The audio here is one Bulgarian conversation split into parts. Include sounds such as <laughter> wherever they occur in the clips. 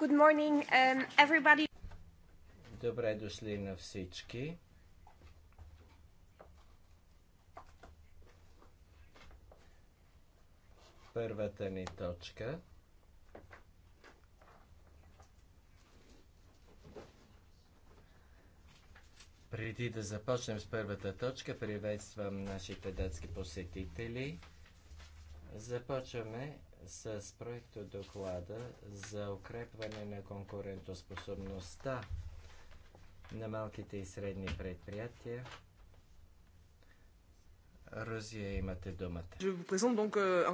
Good morning, um, everybody. Добре дошли на всички. Първата ни точка Преди да започнем с първата точка, приветствам нашите детски посетители – Започваме с проекто доклада за укрепване на конкурентоспособността на малките и средни предприятия. Розия, имате думата. Je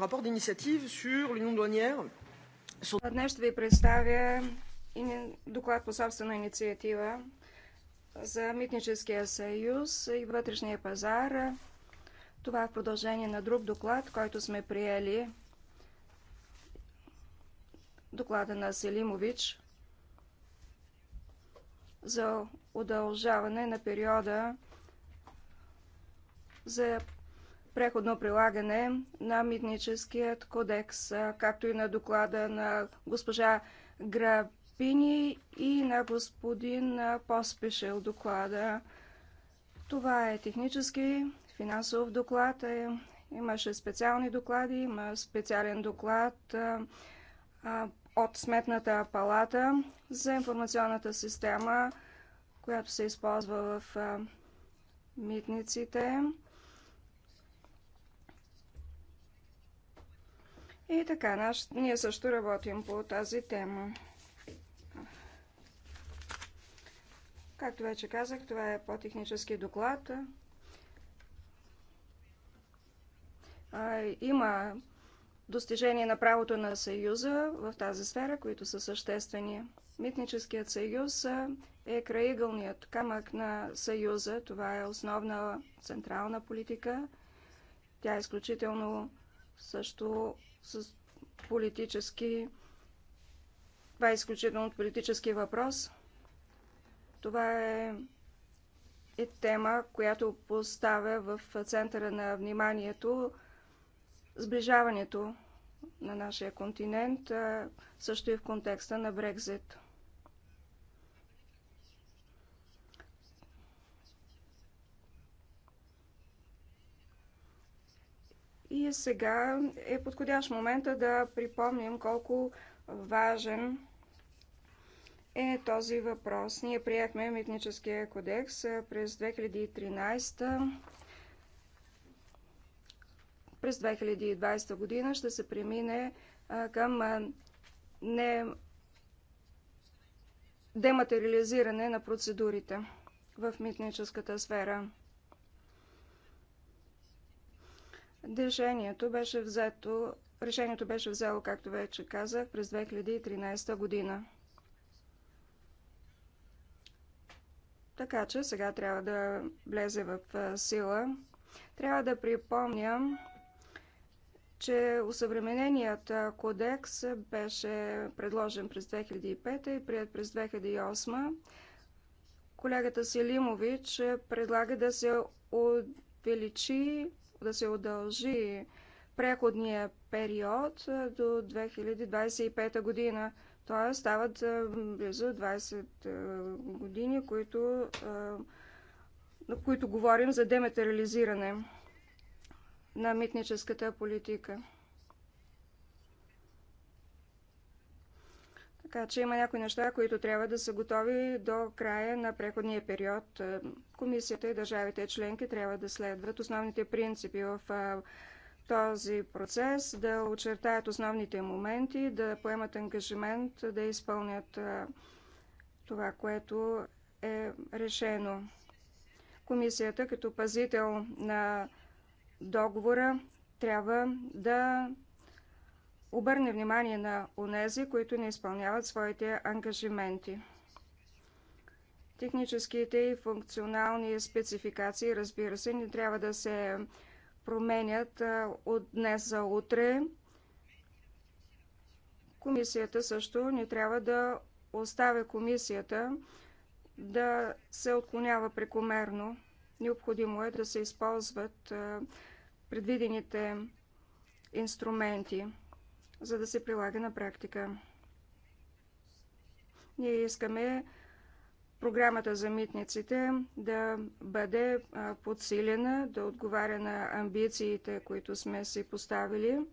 euh, Днес ще ви представя доклад по собствена инициатива за Митническия съюз и вътрешния пазар това е в продължение на друг доклад, който сме приели. Доклада на Селимович за удължаване на периода за преходно прилагане на митническият кодекс, както и на доклада на госпожа Грапини и на господин Поспешел доклада. Това е технически финансов доклад, е, имаше специални доклади, има специален доклад е, е, от Сметната палата за информационната система, която се използва в митниците. И така, наш... ние също работим по тази тема. Както вече казах, това е по-технически доклад. Има достижения на правото на Съюза в тази сфера, които са съществени. Митническият съюз е краигълният камък на Съюза. Това е основна централна политика. Тя е изключително също с политически... Това е изключително политически въпрос. Това е, е тема, която поставя в центъра на вниманието сближаването на нашия континент, също и в контекста на Брекзит. И сега е подходящ момента да припомним колко важен е този въпрос. Ние приехме Митническия кодекс през 2013 през 2020 година ще се премине към не дематериализиране на процедурите в митническата сфера. Решението беше взето, решението беше взело, както вече казах, през 2013 година. Така че сега трябва да влезе в сила. Трябва да припомням че усъвремененият кодекс беше предложен през 2005 и прият през 2008. Колегата Селимович предлага да се увеличи, да се удължи преходния период до 2025 година. Т.е. стават близо 20 години, които, на които говорим за дематериализиране на митническата политика. Така че има някои неща, които трябва да са готови до края на преходния период. Е, комисията и държавите членки трябва да следват основните принципи в е, този процес, да очертаят основните моменти, да поемат ангажимент, да изпълнят е, това, което е решено. Комисията като пазител на договора трябва да обърне внимание на онези, които не изпълняват своите ангажименти. Техническите и функционални спецификации, разбира се, не трябва да се променят от днес за утре. Комисията също не трябва да оставя комисията да се отклонява прекомерно Необходимо е да се използват предвидените инструменти, за да се прилага на практика. Ние искаме програмата за митниците да бъде подсилена, да отговаря на амбициите, които сме си поставили.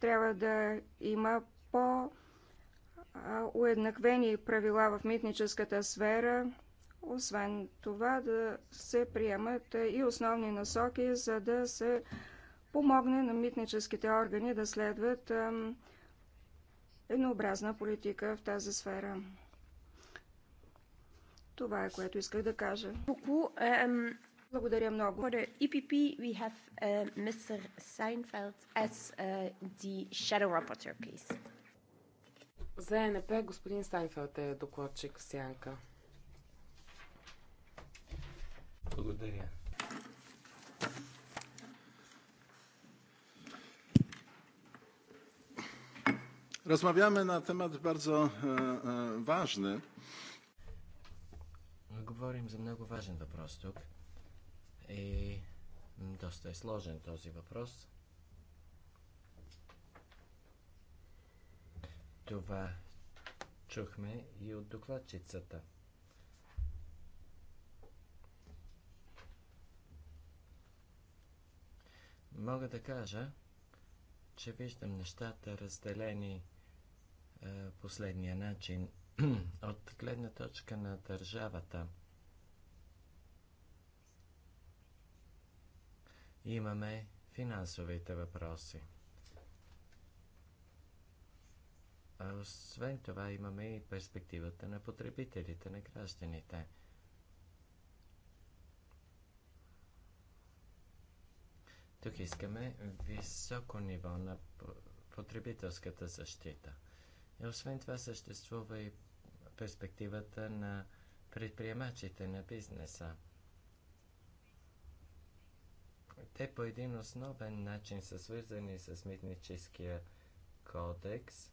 Трябва да има по-уеднаквени правила в митническата сфера, освен това да се приемат и основни насоки, за да се помогне на митническите органи да следват еднообразна политика в тази сфера. Това е което исках да кажа. Благодаря много. For the EPP, we have uh, Mr. Seinfeld as uh, the shadow rapporteur, please. За ЕНП господин Сайнфелд е докладчик в сянка. Благодаря. Rozmawiamy na temat bardzo e, e, ważny. Говорим за много важен въпрос тук. И доста е сложен този въпрос. Това чухме и от докладчицата. Мога да кажа, че виждам нещата разделени е, последния начин <clears throat> от гледна точка на държавата. Имаме финансовите въпроси. А освен това имаме и перспективата на потребителите, на гражданите. Тук искаме високо ниво на потребителската защита. И освен това съществува и перспективата на предприемачите на бизнеса. Те по един основен начин са свързани с митническия кодекс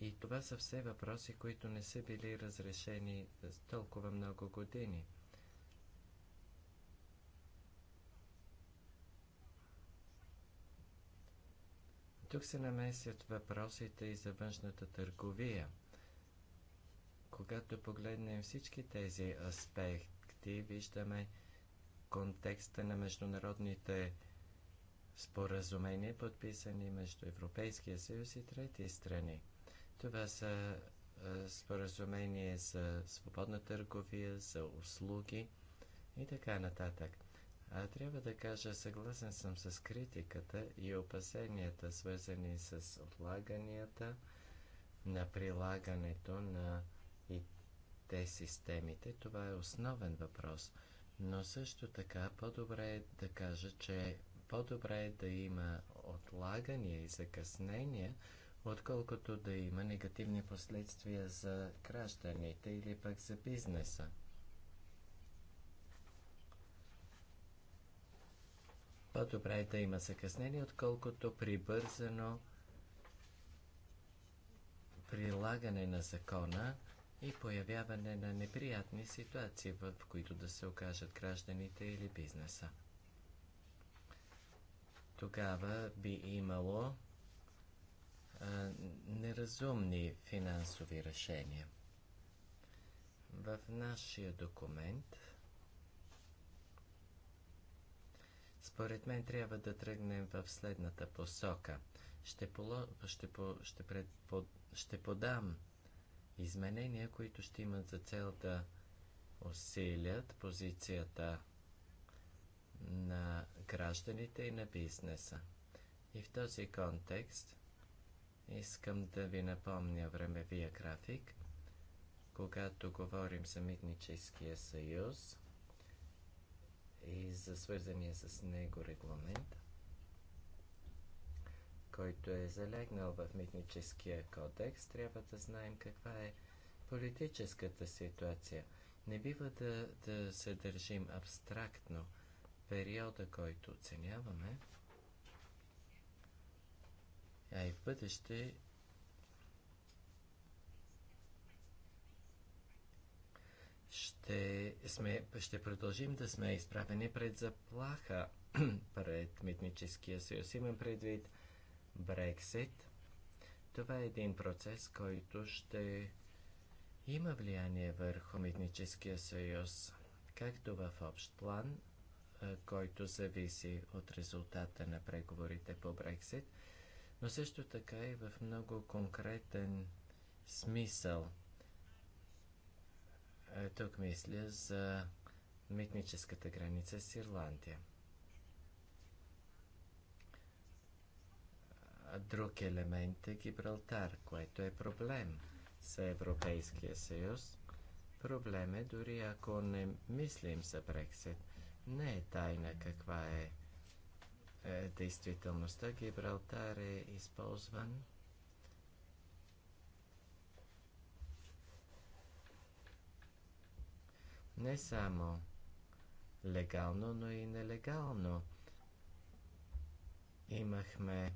и това са все въпроси, които не са били разрешени толкова много години – Тук се намесят въпросите и за външната търговия. Когато погледнем всички тези аспекти, виждаме контекста на международните споразумения, подписани между Европейския съюз и трети страни. Това са споразумения за свободна търговия, за услуги и така нататък. А Трябва да кажа, съгласен съм с критиката и опасенията, свързани с отлаганията на прилагането на и те системите. Това е основен въпрос. Но също така по-добре е да кажа, че по-добре е да има отлагания и закъснения, отколкото да има негативни последствия за гражданите или пък за бизнеса. По-добре е да има закъснение, отколкото прибързано прилагане на закона и появяване на неприятни ситуации, в които да се окажат гражданите или бизнеса. Тогава би имало а, неразумни финансови решения. В нашия документ – Според мен трябва да тръгнем в следната посока. Ще, поло, ще, по, ще, пред, по, ще подам изменения, които ще имат за цел да усилят позицията на гражданите и на бизнеса. И в този контекст искам да ви напомня времевия график. Когато говорим за Митническия съюз, и е за свързания с него регламент, който е залегнал в митническия кодекс, трябва да знаем каква е политическата ситуация. Не бива да, да се държим абстрактно. Периода, който оценяваме, а и в бъдеще ще, сме, ще продължим да сме изправени пред заплаха <clears throat> пред Митническия съюз. Имам предвид Брексит. Това е един процес, който ще има влияние върху Митническия съюз, както в общ план, който зависи от резултата на преговорите по Брексит, но също така и в много конкретен смисъл – е, тук мисля за митническата граница с Ирландия. Друг елемент е Гибралтар, което е проблем за Европейския съюз. Проблем е дори ако не мислим за Брексит. Не е тайна каква е, е действителността. Гибралтар е използван Не само легално, но и нелегално. Имахме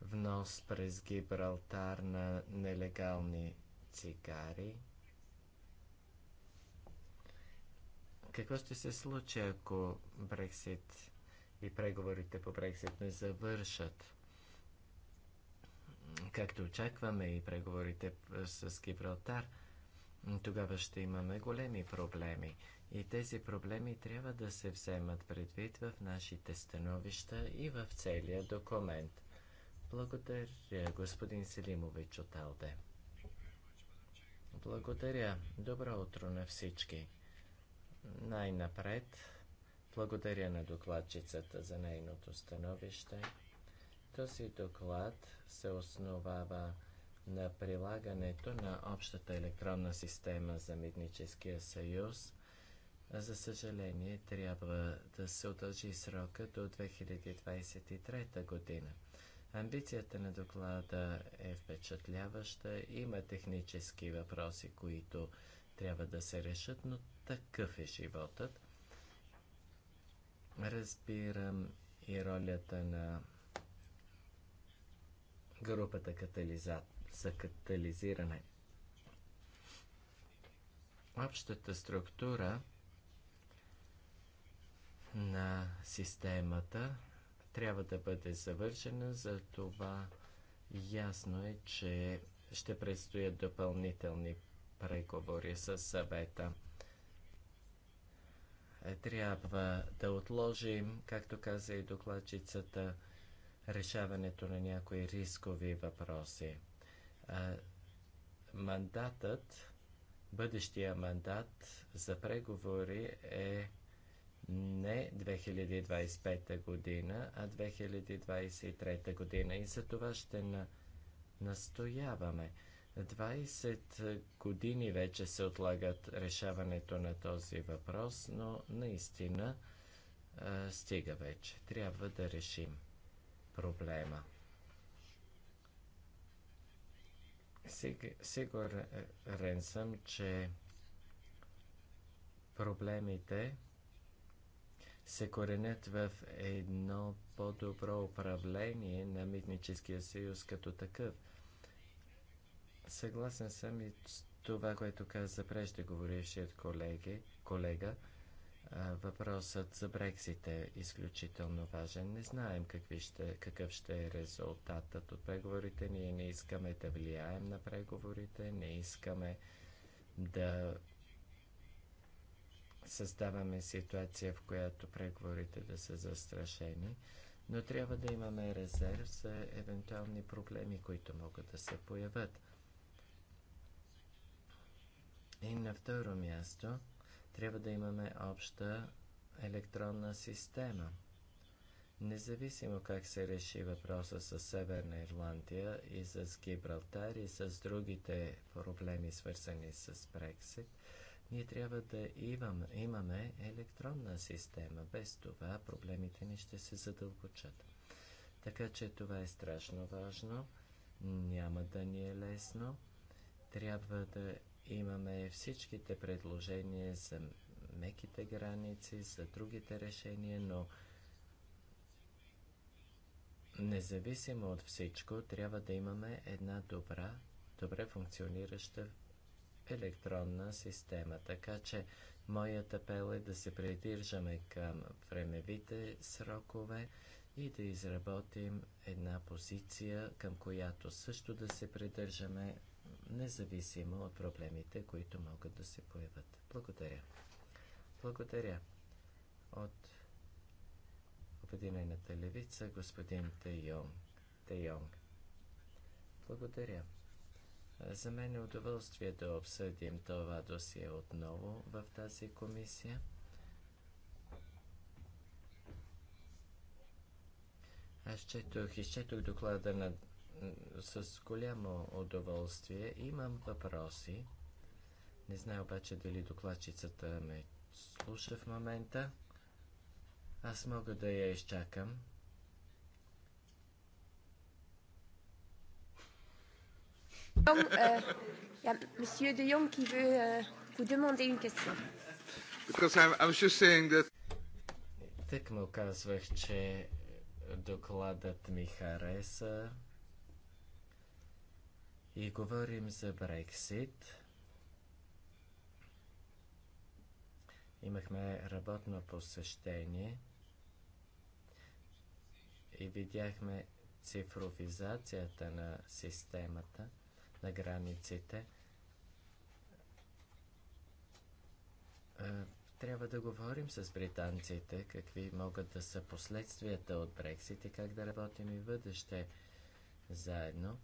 внос през Гибралтар на нелегални цигари. Какво ще се случи, ако Брексит и преговорите по Брексит не завършат? както очакваме и преговорите с Гибралтар, тогава ще имаме големи проблеми. И тези проблеми трябва да се вземат предвид в нашите становища и в целия документ. Благодаря, господин Селимович от Алде. Благодаря. Добро утро на всички. Най-напред, благодаря на докладчицата за нейното становище. Този доклад се основава на прилагането на общата електронна система за митническия съюз. За съжаление, трябва да се удължи срока до 2023 година. Амбицията на доклада е впечатляваща. Има технически въпроси, които трябва да се решат, но такъв е животът. Разбирам и ролята на групата катализа... за катализиране. Общата структура на системата трябва да бъде завършена, за това ясно е, че ще предстоят допълнителни преговори с съвета. Е, трябва да отложим, както каза и докладчицата, решаването на някои рискови въпроси. А, мандатът, бъдещия мандат за преговори е не 2025 година, а 2023 година. И за това ще на, настояваме. 20 години вече се отлагат решаването на този въпрос, но наистина а, стига вече. Трябва да решим проблема. Сигурен съм, че проблемите се коренят в едно по-добро управление на Митническия съюз като такъв. Съгласен съм и с това, което каза преждеговорившият колеги, колега. Въпросът за Брексит е изключително важен. Не знаем какви ще, какъв ще е резултатът от преговорите. Ние не искаме да влияем на преговорите, не искаме да създаваме ситуация, в която преговорите да са застрашени, но трябва да имаме резерв за евентуални проблеми, които могат да се появят. И на второ място, трябва да имаме обща електронна система. Независимо как се реши въпроса с Северна Ирландия и с Гибралтар и с другите проблеми, свързани с Брексит, ние трябва да имаме, имаме електронна система. Без това проблемите ни ще се задълбочат. Така че това е страшно важно. Няма да ни е лесно. Трябва да имаме всичките предложения за меките граници, за другите решения, но независимо от всичко, трябва да имаме една добра, добре функционираща електронна система. Така че моят апел е да се придържаме към времевите срокове и да изработим една позиция, към която също да се придържаме независимо от проблемите, които могат да се появят. Благодаря. Благодаря. От Обединената левица, господин Тейонг. Йонг. Благодаря. За мен е удоволствие да обсъдим това досие отново в тази комисия. Аз четох, изчетох доклада на с голямо удоволствие. Имам въпроси. Не знам обаче дали докладчицата ме слуша в момента. Аз мога да я изчакам. Monsieur De Jong qui veut vous demander une question. Because I'm, I'm just saying that... Тък му казвах, че докладът ми хареса и говорим за Брексит. Имахме работно посещение и видяхме цифровизацията на системата, на границите. Е, трябва да говорим с британците какви могат да са последствията от Брексит и как да работим и бъдеще заедно.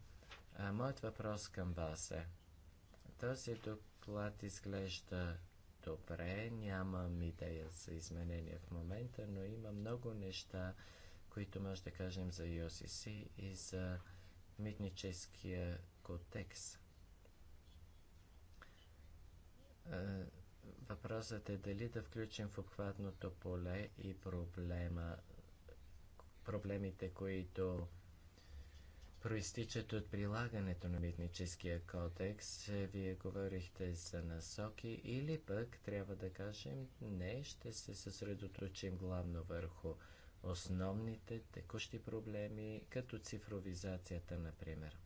А, моят въпрос към вас е, този доклад изглежда добре, нямам идея за изменения в момента, но има много неща, които може да кажем за UCC и за митническия кодекс. Въпросът е дали да включим в обхватното поле и проблема, проблемите, които проистичат от прилагането на митническия кодекс. Вие говорихте за насоки или пък трябва да кажем не, ще се съсредоточим главно върху основните текущи проблеми, като цифровизацията, например.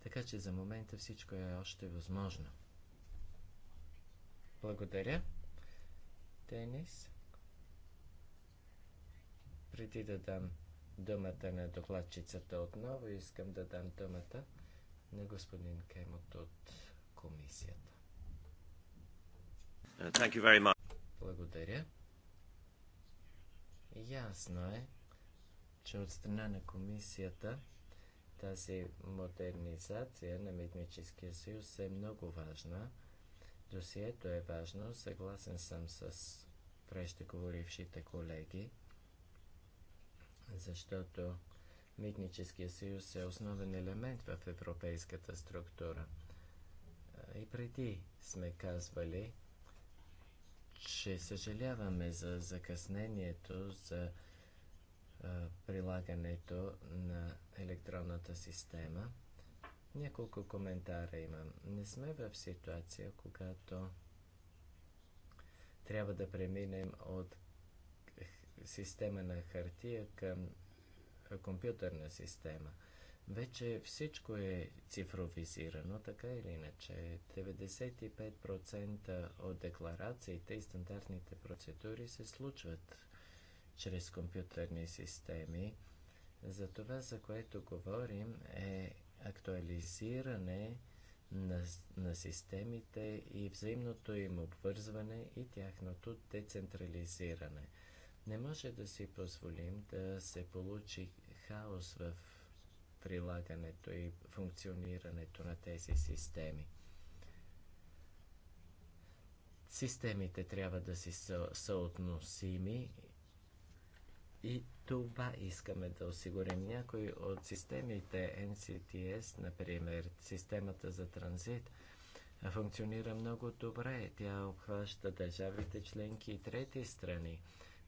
Така че за момента всичко е още възможно. Благодаря. Денис. Преди да дам думата на докладчицата отново. и Искам да дам думата на господин Кемот от комисията. Uh, thank you very much. Благодаря. Ясно е, че от страна на комисията тази модернизация на Митническия съюз е много важна. Досието е важно, съгласен съм с преждеговорившите колеги защото Митническия съюз е основен елемент в европейската структура. И преди сме казвали, че съжаляваме за закъснението, за а, прилагането на електронната система. Няколко коментара имам. Не сме в ситуация, когато трябва да преминем от система на хартия към компютърна система. Вече всичко е цифровизирано, така или иначе. 95% от декларациите и стандартните процедури се случват чрез компютърни системи. За това, за което говорим, е актуализиране на, на системите и взаимното им обвързване и тяхното децентрализиране – не може да си позволим да се получи хаос в прилагането и функционирането на тези системи. Системите трябва да си са, съотносими и това искаме да осигурим. Някои от системите NCTS, например, системата за транзит, функционира много добре. Тя обхваща държавите членки и трети страни.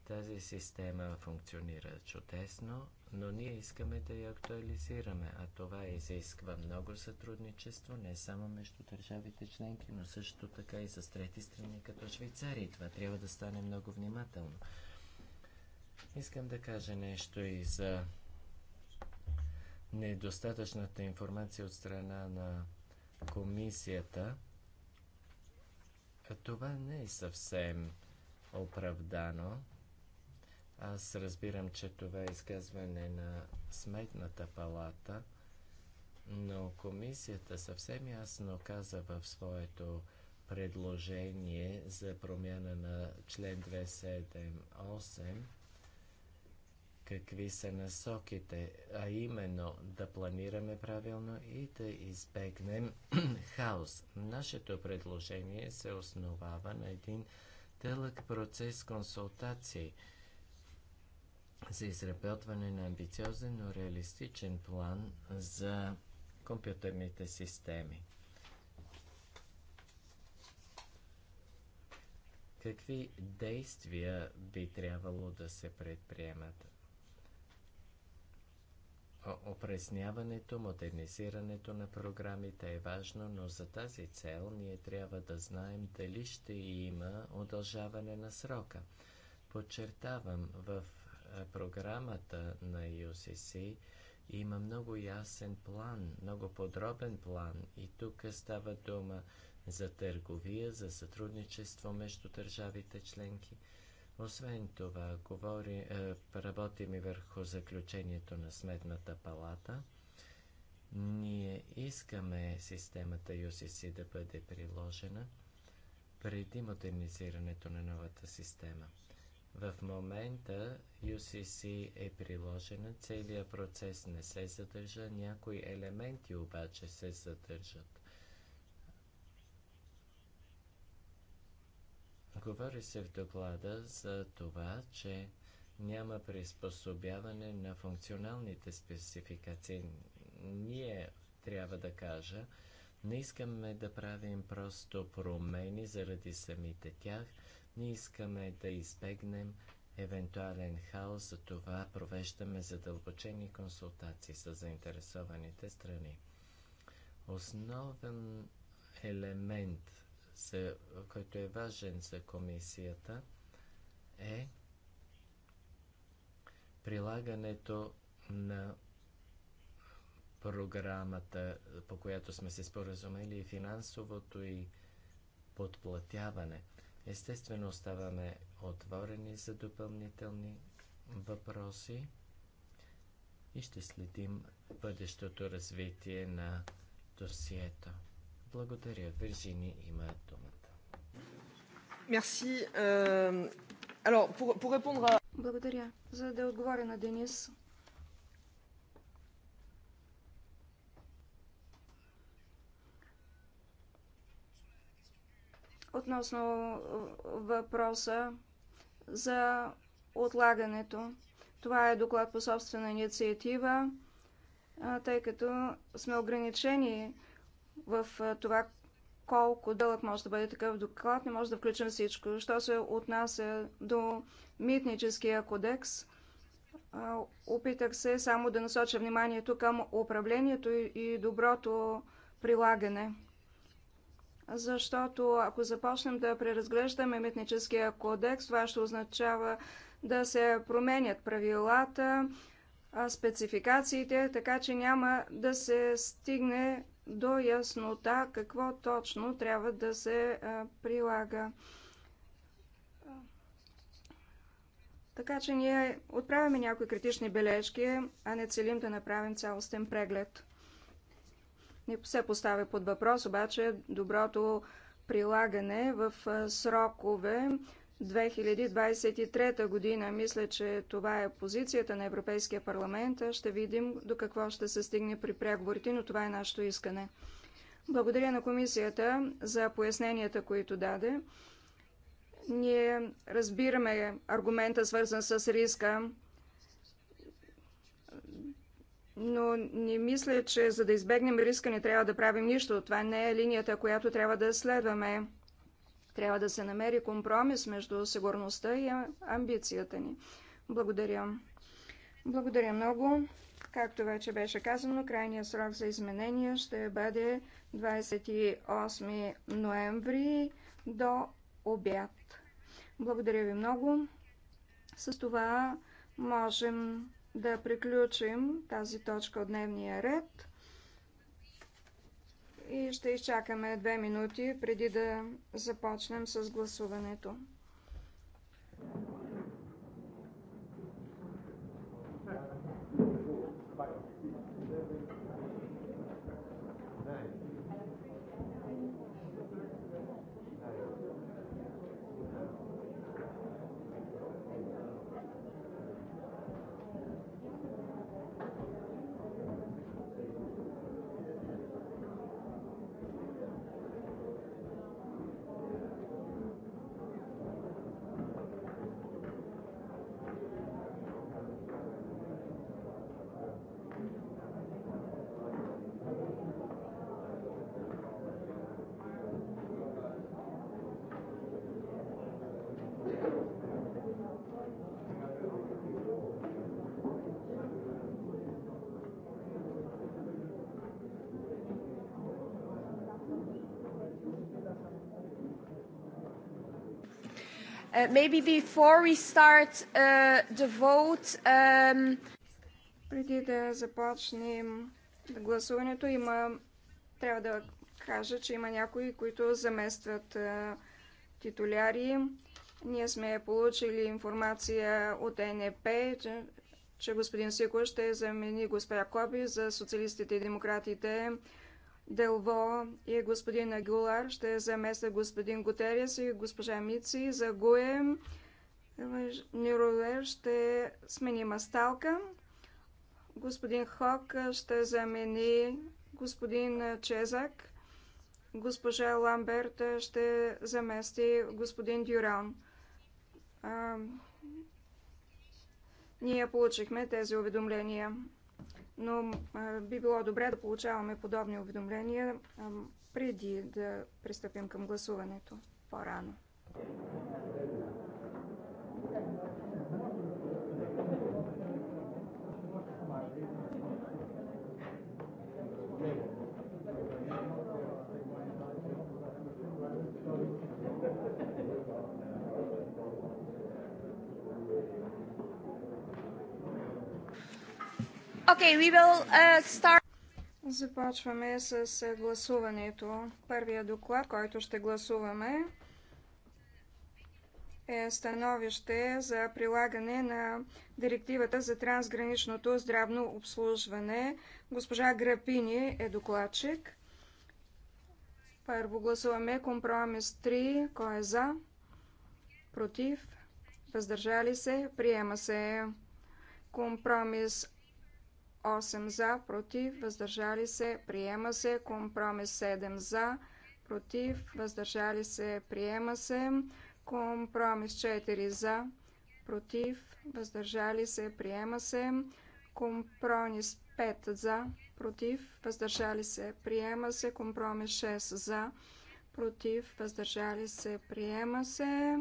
Тази система функционира чудесно, но ние искаме да я актуализираме, а това изисква много сътрудничество не само между държавите членки, но също така и с трети страни като Швейцария. И това трябва да стане много внимателно. Искам да кажа нещо и за недостатъчната информация от страна на комисията. Това не е съвсем оправдано. Аз разбирам, че това е изказване на Сметната палата, но комисията съвсем ясно каза в своето предложение за промяна на член 278 какви са насоките, а именно да планираме правилно и да избегнем <clears throat> хаос. Нашето предложение се основава на един дълъг процес консултации – за изработване на амбициозен, но реалистичен план за компютърните системи. Какви действия би трябвало да се предприемат? Опресняването, модернизирането на програмите е важно, но за тази цел ние трябва да знаем дали ще има удължаване на срока. Подчертавам, в е, програмата на UCC има много ясен план, много подробен план и тук става дума за търговия, за сътрудничество между държавите членки. Освен това, говори, е, работим и върху заключението на Сметната палата. Ние искаме системата UCC да бъде приложена преди модернизирането на новата система. В момента UCC е приложена, целият процес не се задържа, някои елементи обаче се задържат. Говори се в доклада за това, че няма приспособяване на функционалните спецификации. Ние трябва да кажа, не искаме да правим просто промени заради самите тях – ние искаме да избегнем евентуален хаос, за това провеждаме задълбочени консултации с заинтересованите страни. Основен елемент, за, който е важен за комисията, е прилагането на програмата, по която сме се споразумели, и финансовото и подплатяване – Естествено оставаме отворени за допълнителни въпроси и ще следим бъдещото развитие на досието. Благодаря. Виржини има думата. Е, Благодаря. За да отговоря на Денис, относно е, въпроса за отлагането. Това е доклад по собствена инициатива, е, тъй като сме ограничени в е, това колко дълъг може да бъде такъв доклад, не може да включим всичко. Що се отнася до митническия кодекс, опитах се само да насоча вниманието към управлението и доброто прилагане защото ако започнем да преразглеждаме митническия кодекс, това ще означава да се променят правилата, спецификациите, така че няма да се стигне до яснота какво точно трябва да се прилага. Така че ние отправяме някои критични бележки, а не целим да направим цялостен преглед. Не се поставя под въпрос обаче доброто прилагане в срокове 2023 година. Мисля, че това е позицията на Европейския парламент. Ще видим до какво ще се стигне при преговорите, но това е нашето искане. Благодаря на комисията за поясненията, които даде. Ние разбираме аргумента, свързан с риска, но не мисля, че за да избегнем риска не трябва да правим нищо. Това не е линията, която трябва да следваме. Трябва да се намери компромис между сигурността и амбицията ни. Благодаря. Благодаря много. Както вече беше казано, крайният срок за изменения ще бъде 28 ноември до обяд. Благодаря ви много. С това можем да приключим тази точка от дневния ред и ще изчакаме две минути преди да започнем с гласуването. Uh, maybe before we start uh, the vote, um... Преди да започнем гласуването, има, трябва да кажа, че има някои, които заместват uh, титуляри. Ние сме получили информация от НП, че, че господин Сико ще замени госпожа Коби за социалистите и демократите. Uh, Делво и господин Агулар ще замества господин Гутерес и госпожа Мици за Гуем. Ниролер ще смени Масталка. Господин Хок ще замени господин Чезак. Госпожа Ламберт ще замести господин Дюран. А, ние получихме тези уведомления но би било добре да получаваме подобни уведомления преди да пристъпим към гласуването по-рано. Okay, we will, uh, start... Започваме с е, гласуването. Първия доклад, който ще гласуваме е становище за прилагане на директивата за трансграничното здравно обслужване. Госпожа Грапини е докладчик. Първо гласуваме компромис 3. Кой е за? Против? Въздържали се? Приема се. Компромис 8 за, против, въздържали се, приема се. Компромис 7 за, против, въздържали се, приема се. Компромис 4 за, против, въздържали се, приема се. Компромис 5 за, против, въздържали се, приема се. Компромис 6 за, против, въздържали се, приема се.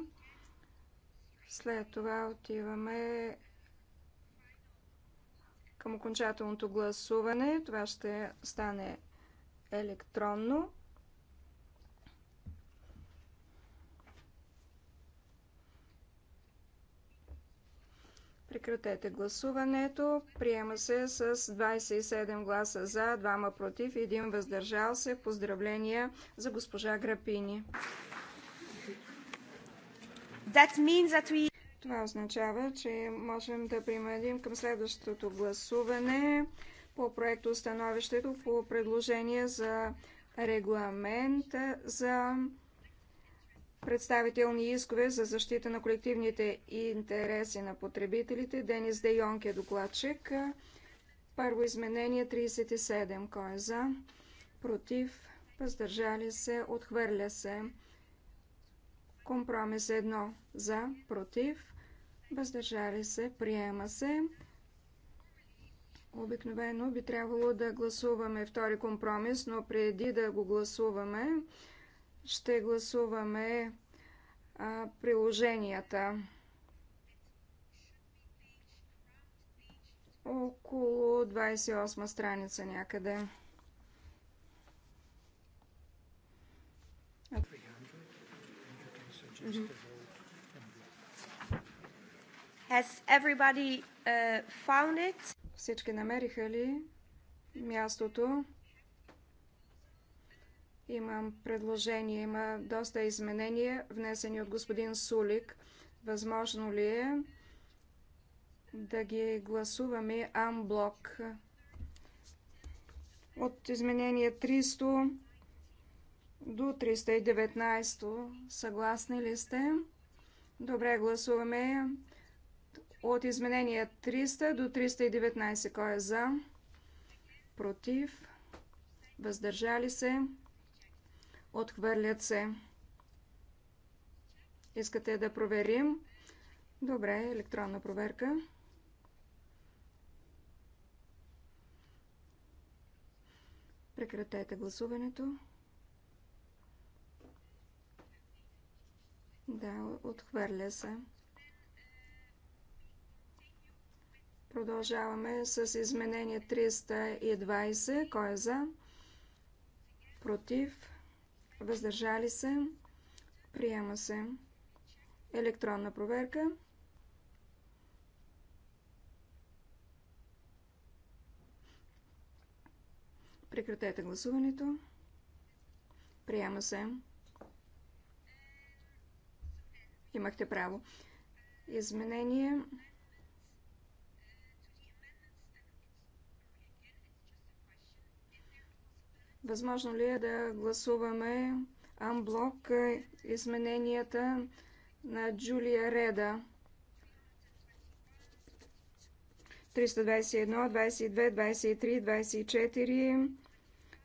След това отиваме към окончателното гласуване. Това ще стане електронно. Прекратете гласуването. Приема се с 27 гласа за, 2 против и 1 въздържал се. Поздравления за госпожа Грапини. That that we... Това означава, че можем да примадим към следващото гласуване по проекто становището по предложение за регламент за представителни искове за защита на колективните интереси на потребителите. Денис Де Йонг е докладчик. Първо изменение 37. Кой е за? Против? Въздържали се? Отхвърля се. Компромис 1. За? Против? въздържали се, приема се. Обикновено би трябвало да гласуваме втори компромис, но преди да го гласуваме, ще гласуваме а, приложенията. Около 28 страница някъде. Mm-hmm. Has everybody uh, found it? Всички намериха ли мястото? Имам предложение, има доста изменения, внесени от господин Сулик. Възможно ли е да ги гласуваме амблок? От изменение 300 до 319. Съгласни ли сте? Добре, гласуваме от изменения 300 до 319. Кой е за? Против? Въздържали се? Отхвърлят се? Искате да проверим? Добре, електронна проверка. Прекратете гласуването. Да, отхвърля се. Продължаваме с изменение 320. Кой е за? Против? Въздържали се? Приема се. Електронна проверка. Прекратете гласуването. Приема се. Имахте право. Изменение Възможно ли е да гласуваме амблок е, измененията на Джулия Реда? 321, 22, 23, 24,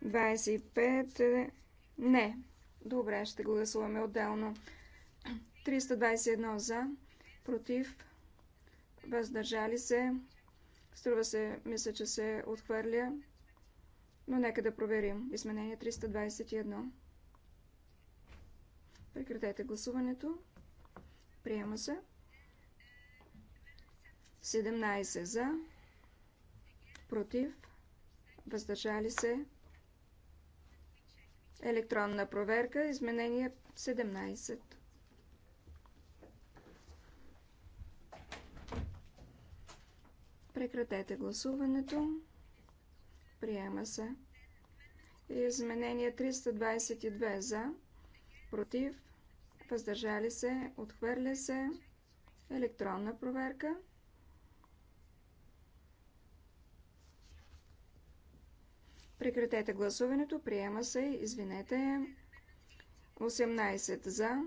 25. Не. Добре, ще гласуваме отделно. 321 за, против, въздържали се. Струва се, мисля, че се отхвърля. Но нека да проверим. Изменение 321. Прекратете гласуването. Приема се. 17 за. Против. Въздържали се. Електронна проверка. Изменение 17. Прекратете гласуването. Приема се. Изменение 322 за. Против. Въздържали се. Отхвърля се. Електронна проверка. Прекратете гласуването. Приема се. Извинете. 18 за.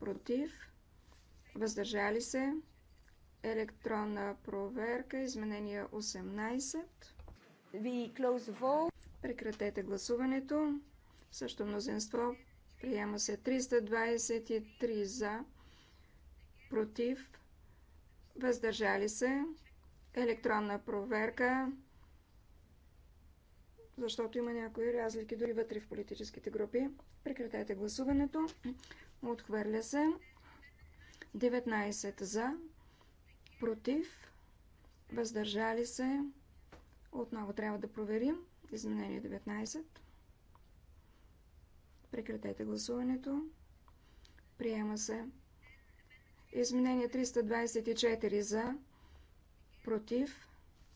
Против. Въздържали се. Електронна проверка. Изменение 18. Прекратете гласуването. Също мнозинство. Приема се 323 за, против, въздържали се. Електронна проверка, защото има някои разлики дори вътре в политическите групи. Прекратете гласуването. Отхвърля се. 19 за, против, въздържали се. Отново трябва да проверим. Изменение 19. Прекратете гласуването. Приема се. Изменение 324 за. Против.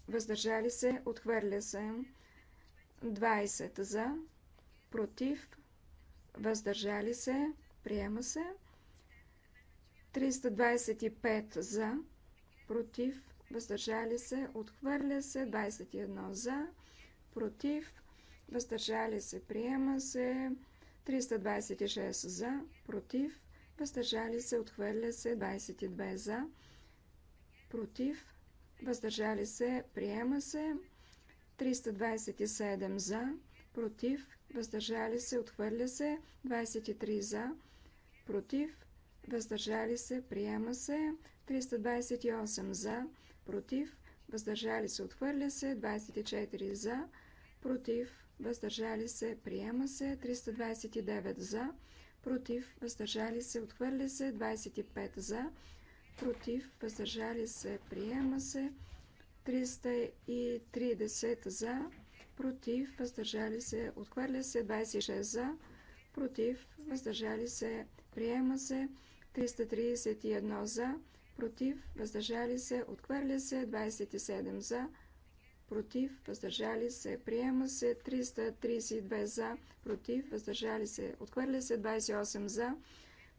Въздържали се. Отхвърля се. 20 за. Против. Въздържали се. Приема се. 325 за. Против въздържали се, отхвърля се, 21 за, против, въздържали се, приема се, 326 за, против, въздържали се, отхвърля се, 22 за, против, въздържали се, приема се, 327 за, против, въздържали се, отхвърля се, 23 за, против, въздържали се, приема се, 328 за, против, против, въздържали се, отхвърля се, 24 за, против, въздържали се, приема се, 329 за, против, въздържали се, отхвърля се, 25 за, против, въздържали се, приема се, 330 за, против, въздържали се, отхвърля се, 26 за, против, въздържали се, приема се, 331 за, против, въздържали се, отхвърля се, 27 за, против, въздържали се, приема се, 332 за, против, въздържали се, отхвърля се, 28 за,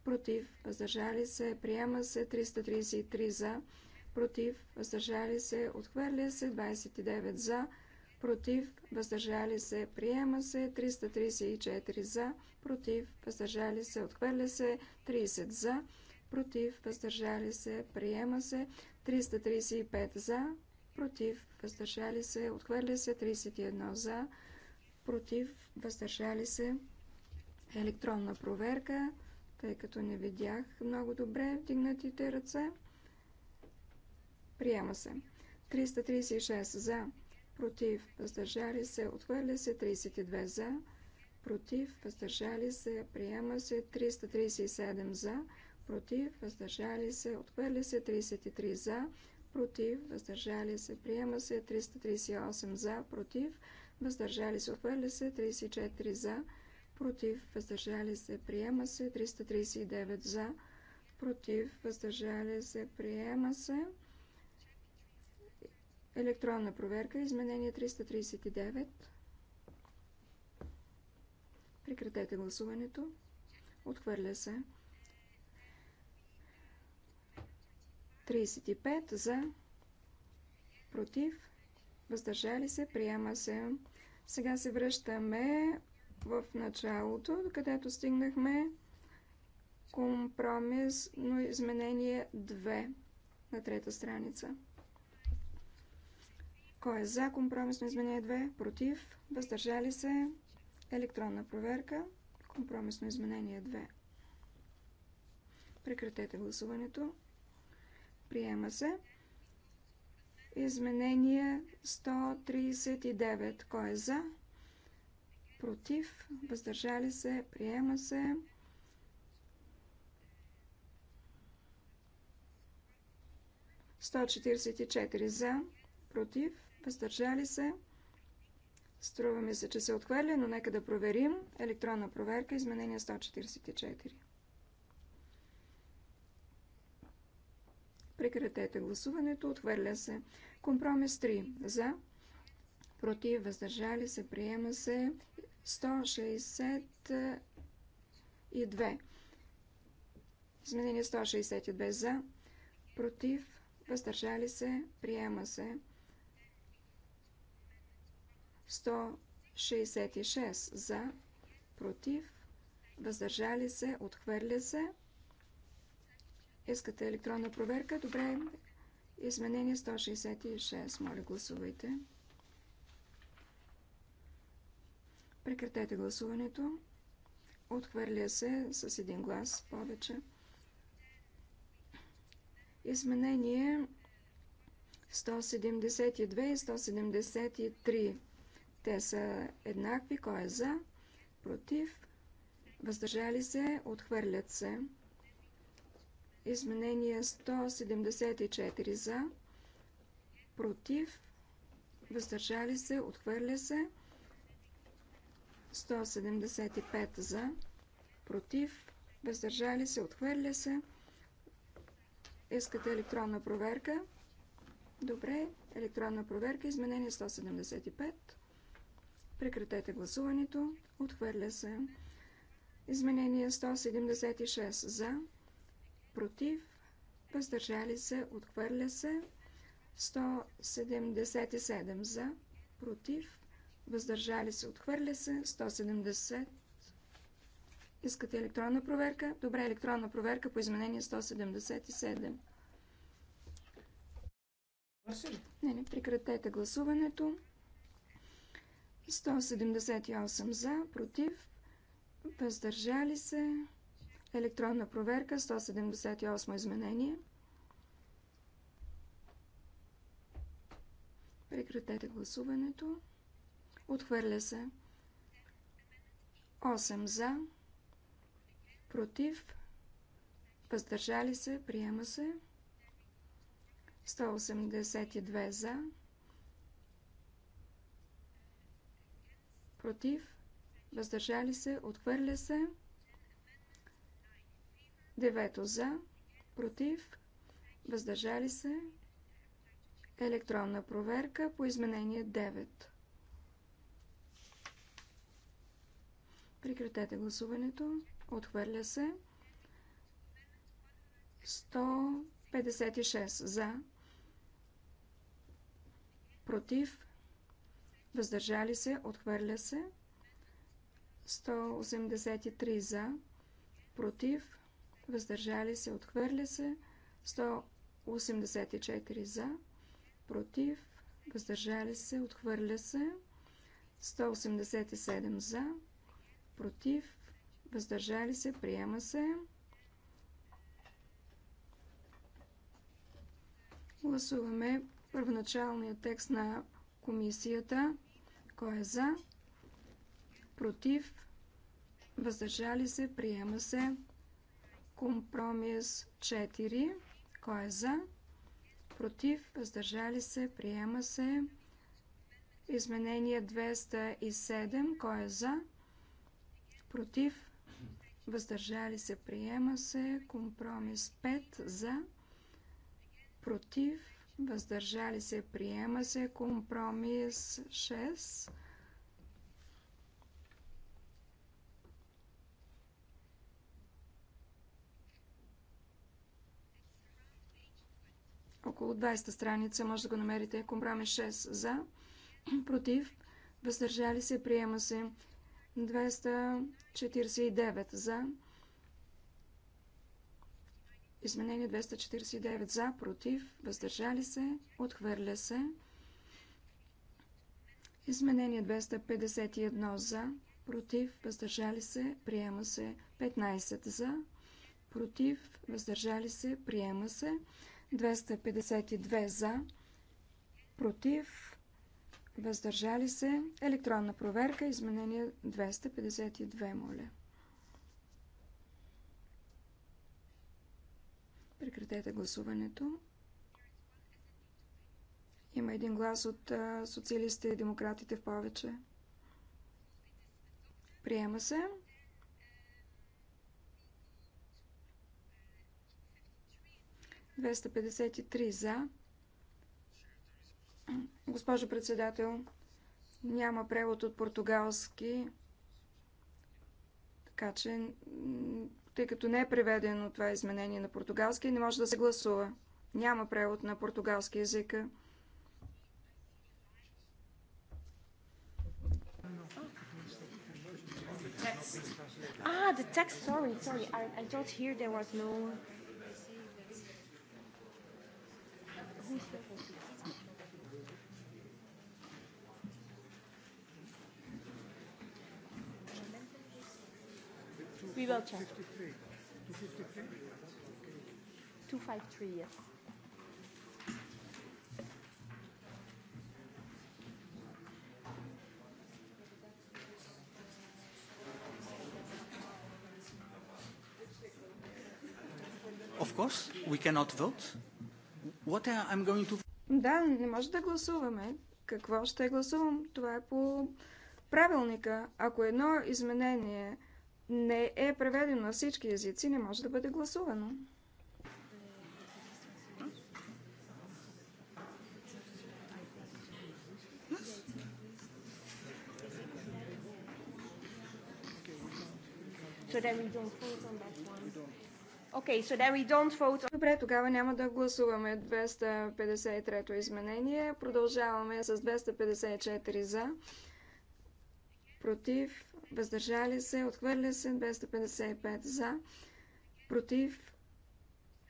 против, въздържали се, приема се, 333 за, против, въздържали се, отхвърля се, 29 за, против, въздържали се, приема се, 334 за, против, въздържали се, отхвърля се, 30 за, против, въздържали се, приема се, 335 за, против, въздържали се, отхвърля се, 31 за, против, въздържали се, електронна проверка, тъй като не видях много добре вдигнатите ръце. Приема се. 336 за, против, въздържали се, отхвърля се, 32 за, против, въздържали се, приема се, 337 за, против, въздържали се, отхвърля се 33 за, против, въздържали се, приема се 338 за, против, въздържали се, отхвърля се 34 за, против, въздържали се, приема се 339 за, против, въздържали се, приема се. Електронна проверка, изменение 339. Прекратете гласуването. Отхвърля се. 35 за, против, въздържали се, приема се. Сега се връщаме в началото, където стигнахме компромисно изменение 2 на трета страница. Кой е за компромисно изменение 2? Против? Въздържали се? Електронна проверка. Компромисно изменение 2. Прекратете гласуването. Приема се. Изменение 139. Кой е за? Против. Въздържали се. Приема се. Сто за. Против. Въздържали се. струваме се, че се отхвърля, но нека да проверим. Електронна проверка. Изменение 144. Прекратете гласуването. Отхвърля се. Компромис 3. За. Против. Въздържали се. Приема се. 162. Изменение 162 за. Против. Въздържали се. Приема се. 166 за. Против. Въздържали се. Отхвърля се. Искате електронна проверка? Добре. Изменение 166. Моля, гласувайте. Прекратете гласуването. Отхвърля се с един глас повече. Изменение 172 и 173. Те са еднакви. Кой е за? Против? Въздържали се? Отхвърлят се. Изменение 174 за, против, въздържали се, отхвърля се. 175 за, против, въздържали се, отхвърля се. Искате електронна проверка? Добре, електронна проверка, изменение 175. Прекратете гласуването, отхвърля се. Изменение 176 за, против, въздържали се, отхвърля се. 177 за, против, въздържали се, отхвърля се. 170. Искате електронна проверка? Добре, електронна проверка по изменение 177. Не, не, прекратете гласуването. 178 за, против, въздържали се, Електронна проверка, 178 изменение. Прекратете гласуването. Отхвърля се. 8 за. Против. Въздържали се. Приема се. 182 за. Против. Въздържали се. Отхвърля се. Девето за, против, въздържали се. Електронна проверка по изменение 9. Прекратете гласуването. Отхвърля се. 156 за, против, въздържали се, отхвърля се. 183 за, против, въздържали се, отхвърля се, 184 за, против, въздържали се, отхвърля се, 187 за, против, въздържали се, приема се. Гласуваме първоначалния текст на комисията. Кой е за? Против? Въздържали се? Приема се. Компромис 4. Кой е за? Против? Въздържали се? Приема се. Изменение 207. Кой е за? Против? Въздържали се? Приема се. Компромис 5. За? Против? Въздържали се? Приема се. Компромис 6. около 20-та страница, може да го намерите. Компромис 6 за, <clears throat> против, въздържали се, приема се 249 за, изменение 249 за, против, въздържали се, отхвърля се. Изменение 251 за, против, въздържали се, приема се 15 за, против, въздържали се, приема се. 252 за, против, въздържали се. Електронна проверка, изменение 252, моля. Прекратете гласуването. Има един глас от социалистите и демократите в повече. Приема се. 253 за. Госпожо председател, няма превод от португалски, така че, тъй като не е преведено това изменение на португалски, не може да се гласува. Няма превод на португалски язика. Ah, the text, sorry, sorry. I, I thought here there was no... We will check. 253. yes. Of course, we cannot vote. To... Да, не може да гласуваме. Какво ще гласувам? Това е по правилника. Ако едно изменение не е преведено на всички езици, не може да бъде гласувано. So then we don't vote on that one. Okay, so then we don't vote... Добре, тогава няма да гласуваме 253-то изменение. Продължаваме с 254 за, против, въздържали се, отхвърля се, 255 за, против,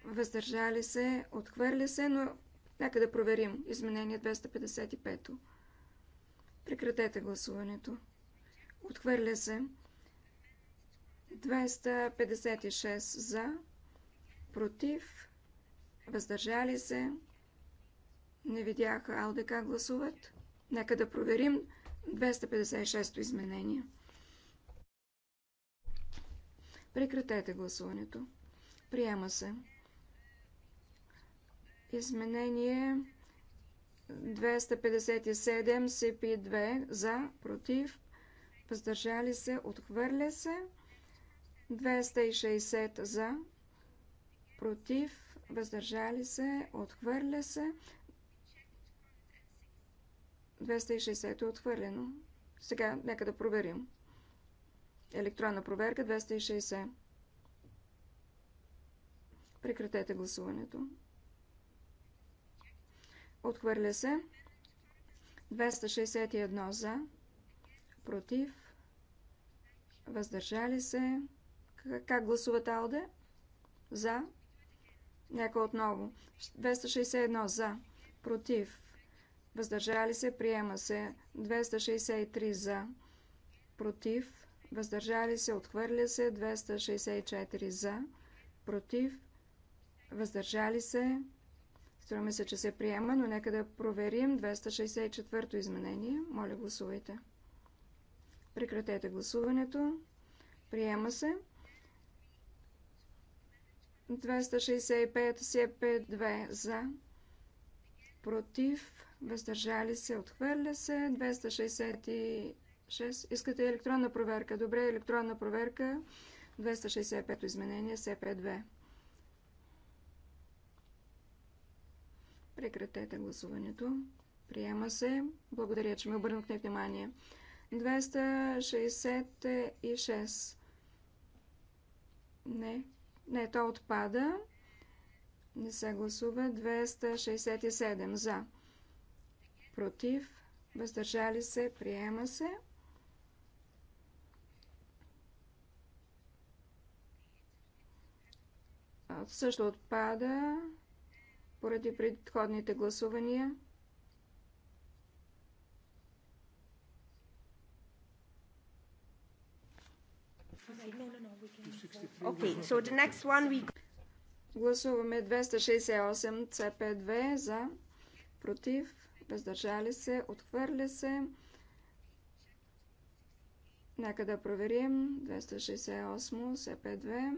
въздържали се, отхвърля се, но нека да проверим изменение 255-то. Прекратете гласуването. Отхвърля се. 256 за, против, въздържали се. Не видяха АЛДК гласуват. Нека да проверим 256-то изменение. Прекратете гласуването. Приема се. Изменение 257 сп 2 за, против, въздържали се, отхвърля се. 260 за, против, въздържали се, отхвърля се. 260 е отхвърлено. Сега нека да проверим. Електронна проверка 260. Прекратете гласуването. Отхвърля се. 261 за. Против. Въздържали се. Как гласуват Алде? За. Нека отново. 261 за, против, въздържали се, приема се. 263 за, против, въздържали се, отхвърля се. 264 за, против, въздържали се. Струваме се, че се приема, но нека да проверим 264-то изменение. Моля, гласувайте. Прекратете гласуването. Приема се. 265 CP2 за, против, въздържали се, отхвърля се. 266. Искате електронна проверка. Добре, електронна проверка. 265 изменение CP2. Прекратете гласуването. Приема се. Благодаря, че ми обърнахте внимание. 266. Не. Не, то отпада. Не се гласува. 267 за. Против. Въздържали се. Приема се. Също отпада поради предходните гласувания. Okay. Okay, so the next one we... Гласуваме 268 CP2 за против, въздържали се, отхвърля се. Нека да проверим 268 CP2.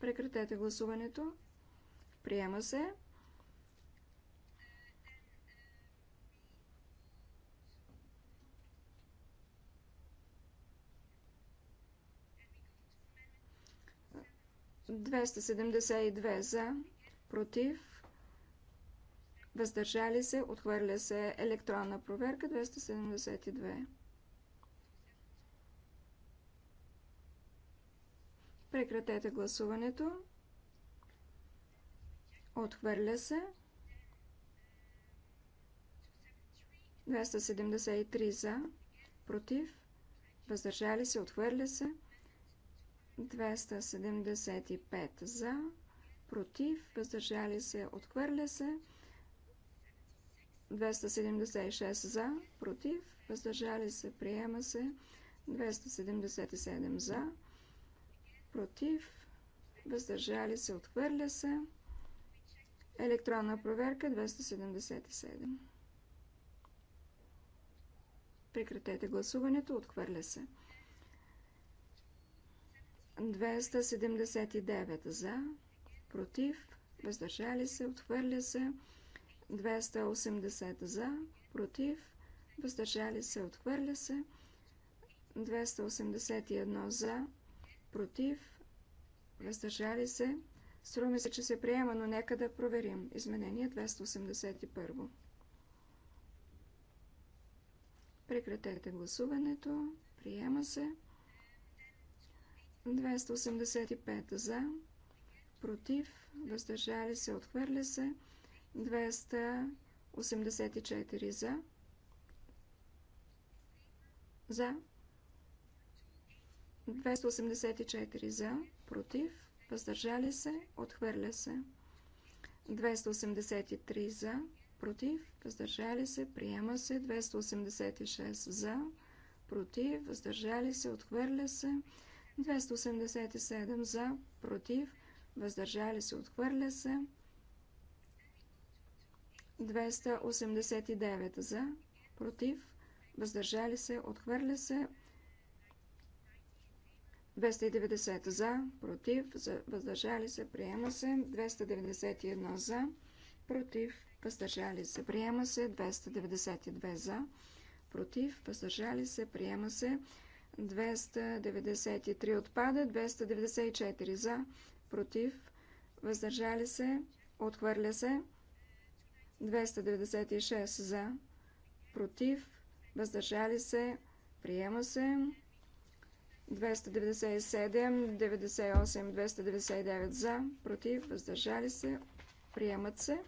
Прекратете гласуването. Приема се. 272 за, против, въздържали се, отхвърля се електронна проверка 272. Прекратете гласуването. Отхвърля се. 273 за, против, въздържали се, отхвърля се. 275 за, против, въздържали се, отхвърля се. 276 за, против, въздържали се, приема се. 277 за, против, въздържали се, отхвърля се. Електронна проверка 277. Прекратете гласуването, отхвърля се. 279 за, против, въздържали се, отхвърля се. 280 за, против, въздържали се, отхвърля се. 281 за, против, въздържали се. Струми се, че се приема, но нека да проверим. Изменение 281. Прекратете гласуването. Приема се. 285 за, против, въздържали се, отхвърля се. 284 за, за, 284 за, против, въздържали се, отхвърля се. 283 за, против, въздържали се, приема се. 286 за, против, въздържали се, отхвърля се. 287 за, против, въздържали се, отхвърля се. 289 за, против, въздържали се, отхвърля се. 290 за, против, въздържали се, приема се. 291 за, против, въздържали се, приема се. 292 за, против, въздържали се, приема се. 293 отпада, 294 за, против, въздържали се, отхвърля се, 296 за, против, въздържали се, приема се, 297, 98, 299 за, против, въздържали се, приемат се,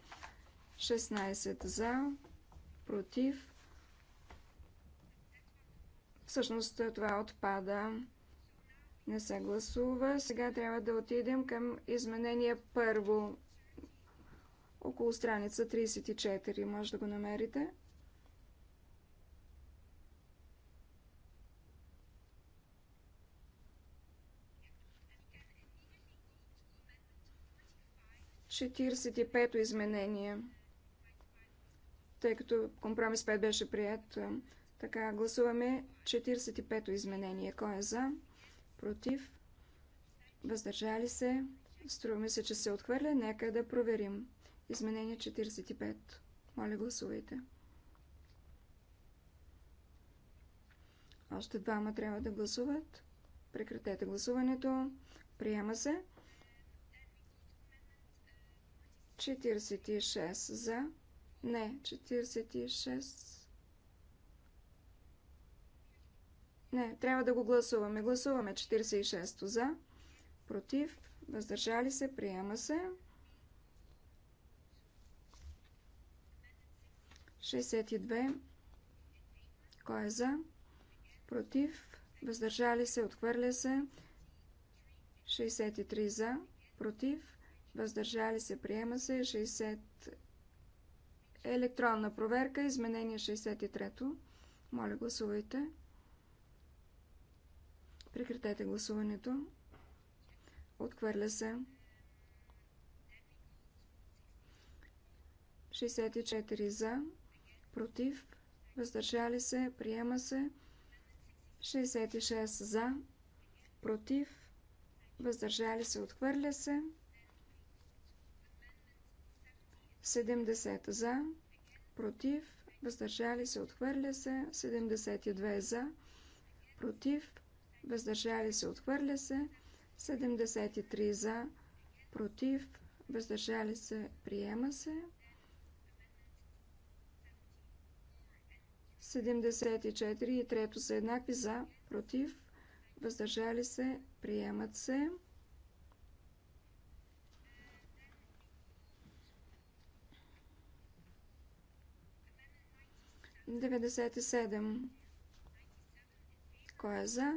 16 за, против, Всъщност е, това отпада. Не се гласува. Сега трябва да отидем към изменение първо. Около страница 34 може да го намерите. Четиридесет и пето изменение, тъй като компромис 5 беше прият. Така, гласуваме 45-то изменение. Кой е за? Против? Въздържали се? Струваме се, че се отхвърля. Нека да проверим. Изменение 45. Моля, гласувайте. Още двама трябва да гласуват. Прекратете гласуването. Приема се. 46 за. Не, 46 Не, трябва да го гласуваме. Гласуваме 46-то за, против, въздържали се, приема се. 62. Кой е за? Против, въздържали се, отхвърля се. 63 за, против, въздържали се, приема се. 60 електронна проверка, изменение 63 Моля, гласувайте. Прекратете гласуването. Отхвърля се. 64 за, против, въздържали се, приема се. 66 за, против, въздържали се, отхвърля се. 70 за, против, въздържали се, отхвърля се. 72 за, против, въздържали се, отхвърля се. 73 за, против, въздържали се, приема се. 74 и трето са еднакви за, против, въздържали се, приемат се. Деветдесет и седем. Кой е за?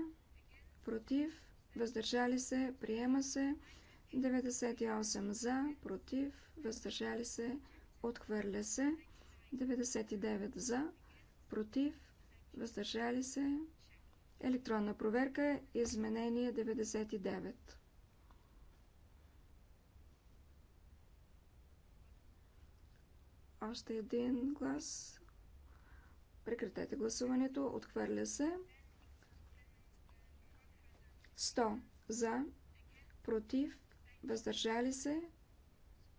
против, въздържали се, приема се. 98 за, против, въздържали се, отхвърля се. 99 за, против, въздържали се. Електронна проверка, изменение 99. Още един глас. Прекратете гласуването. Отхвърля се. 100 за, против, въздържали се,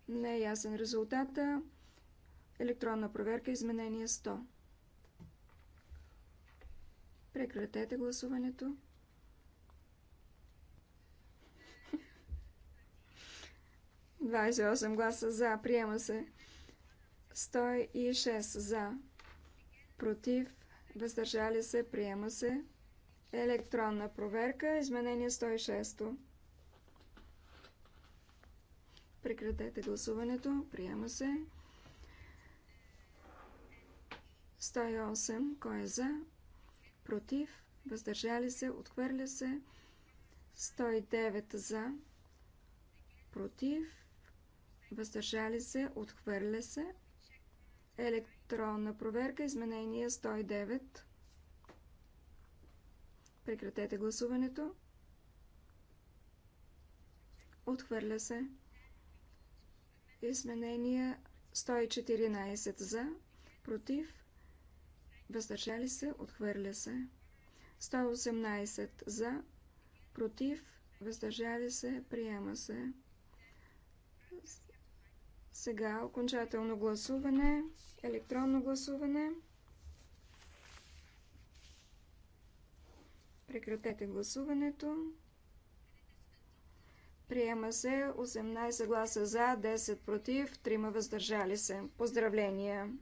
не е ясен резултата, електронна проверка, изменение 100. Прекратете гласуването. Двадесет гласа за, приема се. 106 за, против, въздържали се, приема се. Електронна проверка. Изменение 106. Прекратете гласуването. Приема се. 108. Кой е за? Против? Въздържали се? Отхвърля се? 109 за. Против? Въздържали се? Отхвърля се? Електронна проверка. Изменение 109. Прекратете гласуването. Отхвърля се. Изменения 114 за, против, въздържали се, отхвърля се. 118 за, против, въздържали се, приема се. Сега окончателно гласуване, електронно гласуване. Прекратете гласуването. Приема се 18 гласа за, 10 против, 3 въздържали се. Поздравления!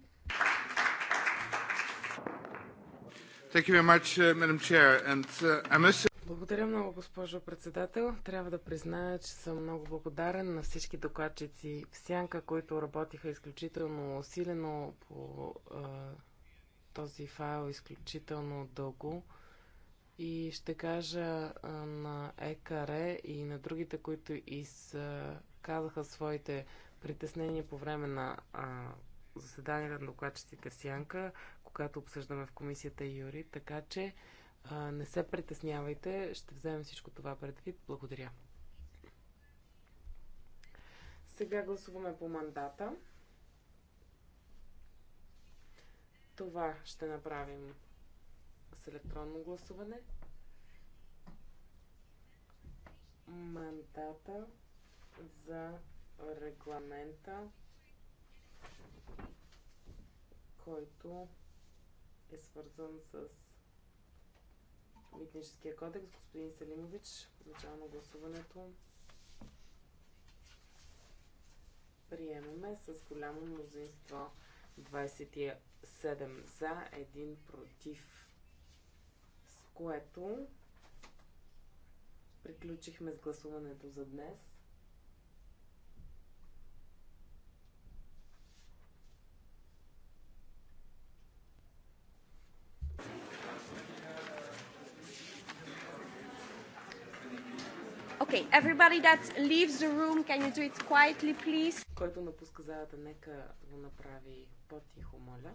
Благодаря много, госпожо председател. Трябва да призная, че съм много благодарен на всички докладчици в Сянка, които работиха изключително усилено по този файл, изключително дълго. И ще кажа на ЕКАРЕ и на другите, които изказаха своите притеснения по време на заседанието на докладчиците в Сянка, когато обсъждаме в комисията Юри, така че а, не се притеснявайте, ще вземем всичко това предвид. Благодаря. Сега гласуваме по мандата. Това ще направим с електронно гласуване. Мандата за регламента, който е свързан с Митническия кодекс. Господин Селимович, начало на гласуването приемаме с голямо мнозинство 27 за, 1 против което приключихме с гласуването за днес. Okay, everybody that leaves the room, can you do it quietly, please? Който напуска залата, нека го направи по-тихо, моля.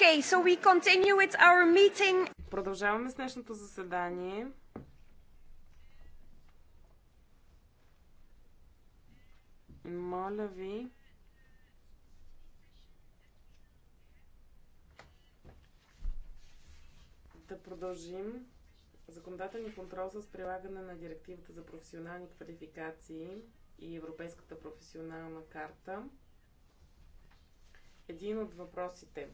Okay, so we continue with our meeting. Продължаваме с днешното заседание. Моля ви. Да продължим Законодателни контрол с прилагане на директивата за професионални квалификации и Европейската професионална карта. Един от въпросите,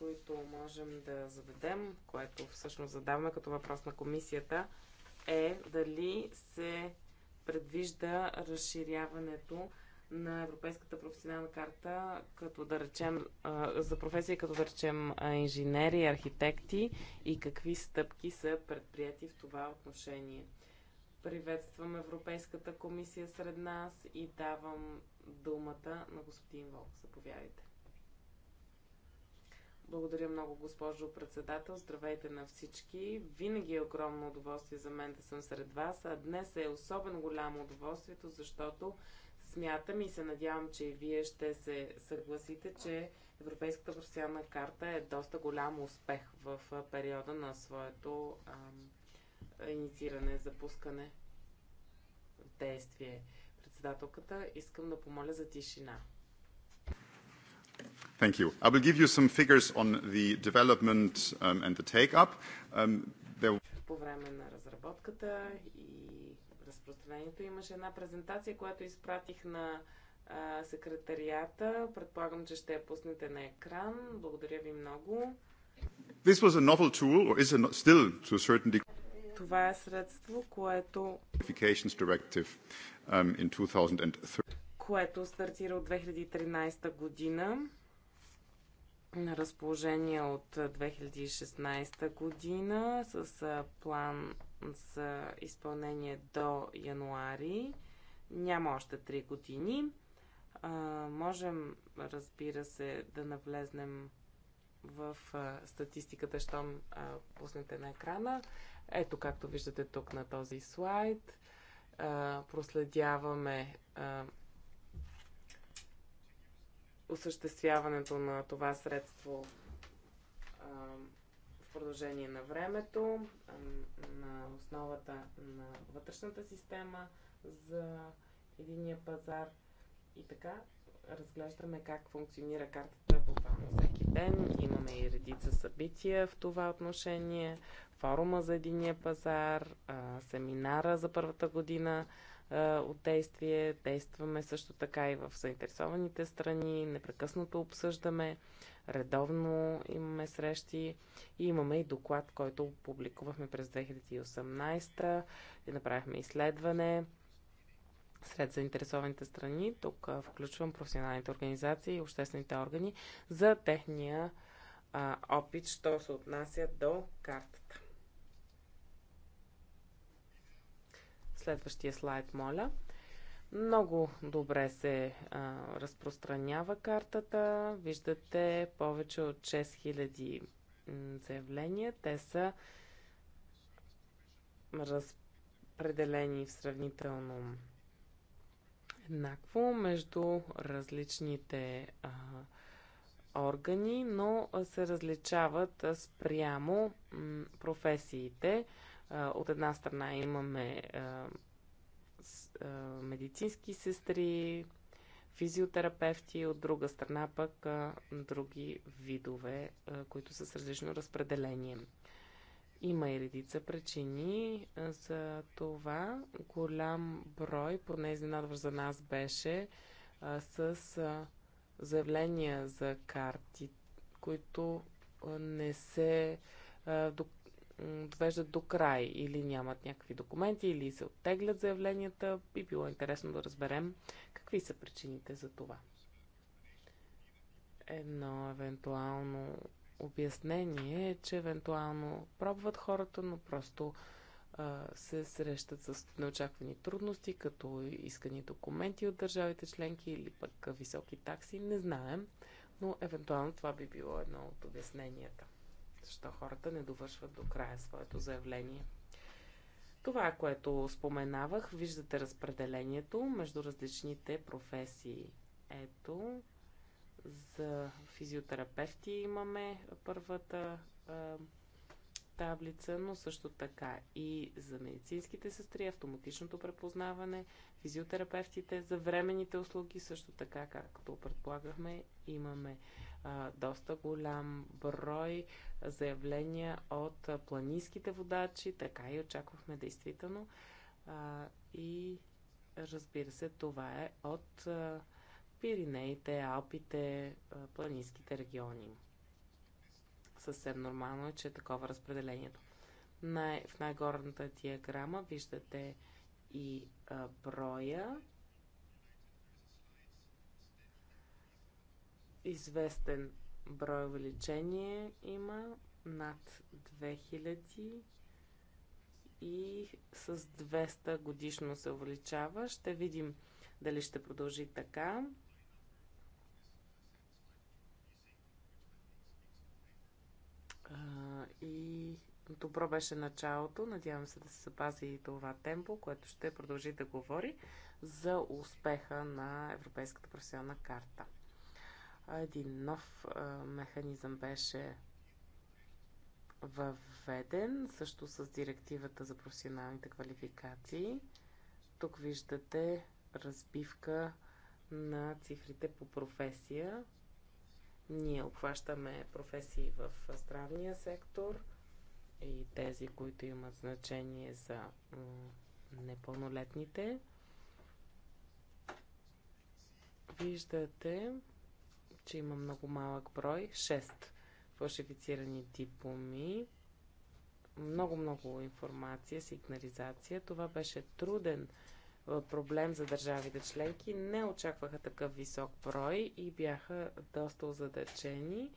които можем да зададем, което всъщност задаваме като въпрос на комисията, е дали се предвижда разширяването на Европейската професионална карта, като да речем, за професии като да речем инженери, архитекти и какви стъпки са предприяти в това отношение. Приветствам Европейската комисия сред нас и давам думата на господин Волк. Заповядайте. Благодаря много, госпожо председател. Здравейте на всички. Винаги е огромно удоволствие за мен да съм сред вас, а днес е особено голямо удоволствието, защото смятам и се надявам, че и вие ще се съгласите, че Европейската професионална карта е доста голям успех в периода на своето ам, иницииране, запускане в действие. Председателката искам да помоля за тишина. Thank you. I will give you some figures on the development um, and the take-up. Um, there... По време на разработката и разпространението имаше една презентация, която изпратих на секретарията. Предполагам, че ще я пуснете на екран. Благодаря ви много. This was a novel tool, or is it still to a certain degree? Това е средство, което... Directive, um, in 2003. което стартира от 2013 година на разположение от 2016 година с план за изпълнение до януари. Няма още 3 години. А, можем, разбира се, да навлезнем в а, статистиката, щом а, пуснете на екрана. Ето, както виждате тук на този слайд, а, проследяваме а, осъществяването на това средство а, в продължение на времето, а, на основата на вътрешната система за единия пазар и така разглеждаме как функционира картата буквално всеки ден. Имаме и редица събития в това отношение. Форума за единия пазар, семинара за първата година е, от действие. Действаме също така и в заинтересованите страни, непрекъснато обсъждаме, редовно имаме срещи и имаме и доклад, който публикувахме през 2018 и направихме изследване сред заинтересованите страни. Тук е, включвам професионалните организации и обществените органи за техния а, опит, що се отнася до картата. Следващия слайд, моля. Много добре се а, разпространява картата. Виждате повече от 6000 заявления. Те са разпределени в сравнително еднакво между различните а, органи, но се различават спрямо професиите от една страна имаме медицински сестри, физиотерапевти, от друга страна пък други видове, които са с различно разпределение. Има и редица причини за това. Голям брой, поне изненадващ за нас, беше с заявления за карти, които не се довеждат до край или нямат някакви документи, или се оттеглят заявленията. Би било интересно да разберем какви са причините за това. Едно евентуално обяснение е, че евентуално пробват хората, но просто а, се срещат с неочаквани трудности, като искани документи от държавите членки или пък високи такси. Не знаем, но евентуално това би било едно от обясненията. Защо хората не довършват до края своето заявление? Това е което споменавах. Виждате разпределението между различните професии. Ето, за физиотерапевти имаме първата а, таблица, но също така и за медицинските сестри, автоматичното препознаване, физиотерапевтите, за временните услуги, също така, както предполагахме, имаме а, доста голям брой заявления от планинските водачи, така и очаквахме действително. А, и разбира се, това е от а, Пиринеите, Алпите, а, планинските региони. Съвсем нормално е, че е такова разпределението. Най- в най-горната диаграма виждате и а, броя известен брой увеличение има над 2000 и с 200 годишно се увеличава. Ще видим дали ще продължи така. И добро беше началото. Надявам се да се запази и това темпо, което ще продължи да говори за успеха на Европейската професионална карта един нов механизъм беше въведен, също с директивата за професионалните квалификации. Тук виждате разбивка на цифрите по професия. Ние обхващаме професии в здравния сектор и тези, които имат значение за непълнолетните. Виждате че има много малък брой. 6 фалшифицирани дипломи. Много-много информация, сигнализация. Това беше труден проблем за държавите членки. Не очакваха такъв висок брой и бяха доста озадачени.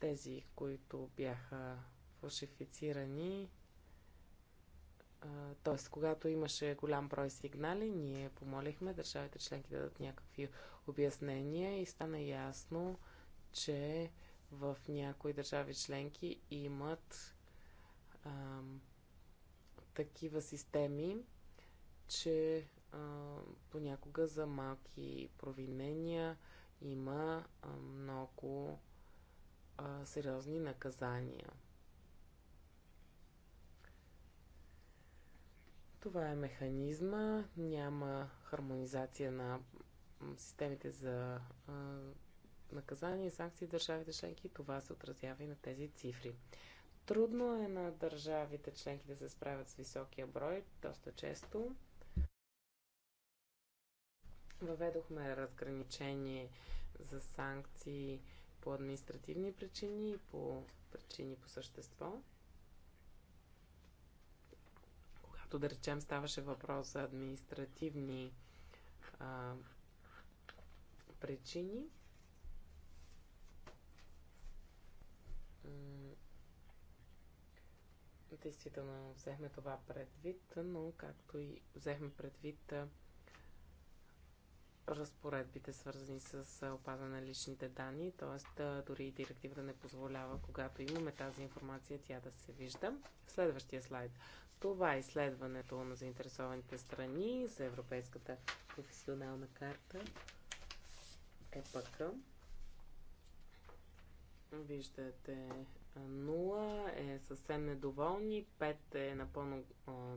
Тези, които бяха фалшифицирани, т.е. когато имаше голям брой сигнали, ние помолихме държавите членки да дадат някакви обяснения и стана ясно, че в някои държави членки имат ам, такива системи, че ам, понякога за малки провинения има ам, много а, сериозни наказания. Това е механизма. Няма хармонизация на системите за а, наказание и санкции в държавите членки. Това се отразява и на тези цифри. Трудно е на държавите членки да се справят с високия брой, доста често. Въведохме разграничение за санкции по административни причини и по причини по същество. когато, да речем, ставаше въпрос за административни а, причини, действително взехме това предвид, но както и взехме предвид разпоредбите, свързани с опазване на личните данни, т.е. дори и директивата не позволява, когато имаме тази информация, тя да се вижда. Следващия слайд. Това е изследването на заинтересованите страни за Европейската професионална карта Е пък. Виждате, 0 е съвсем недоволни, 5 е напълно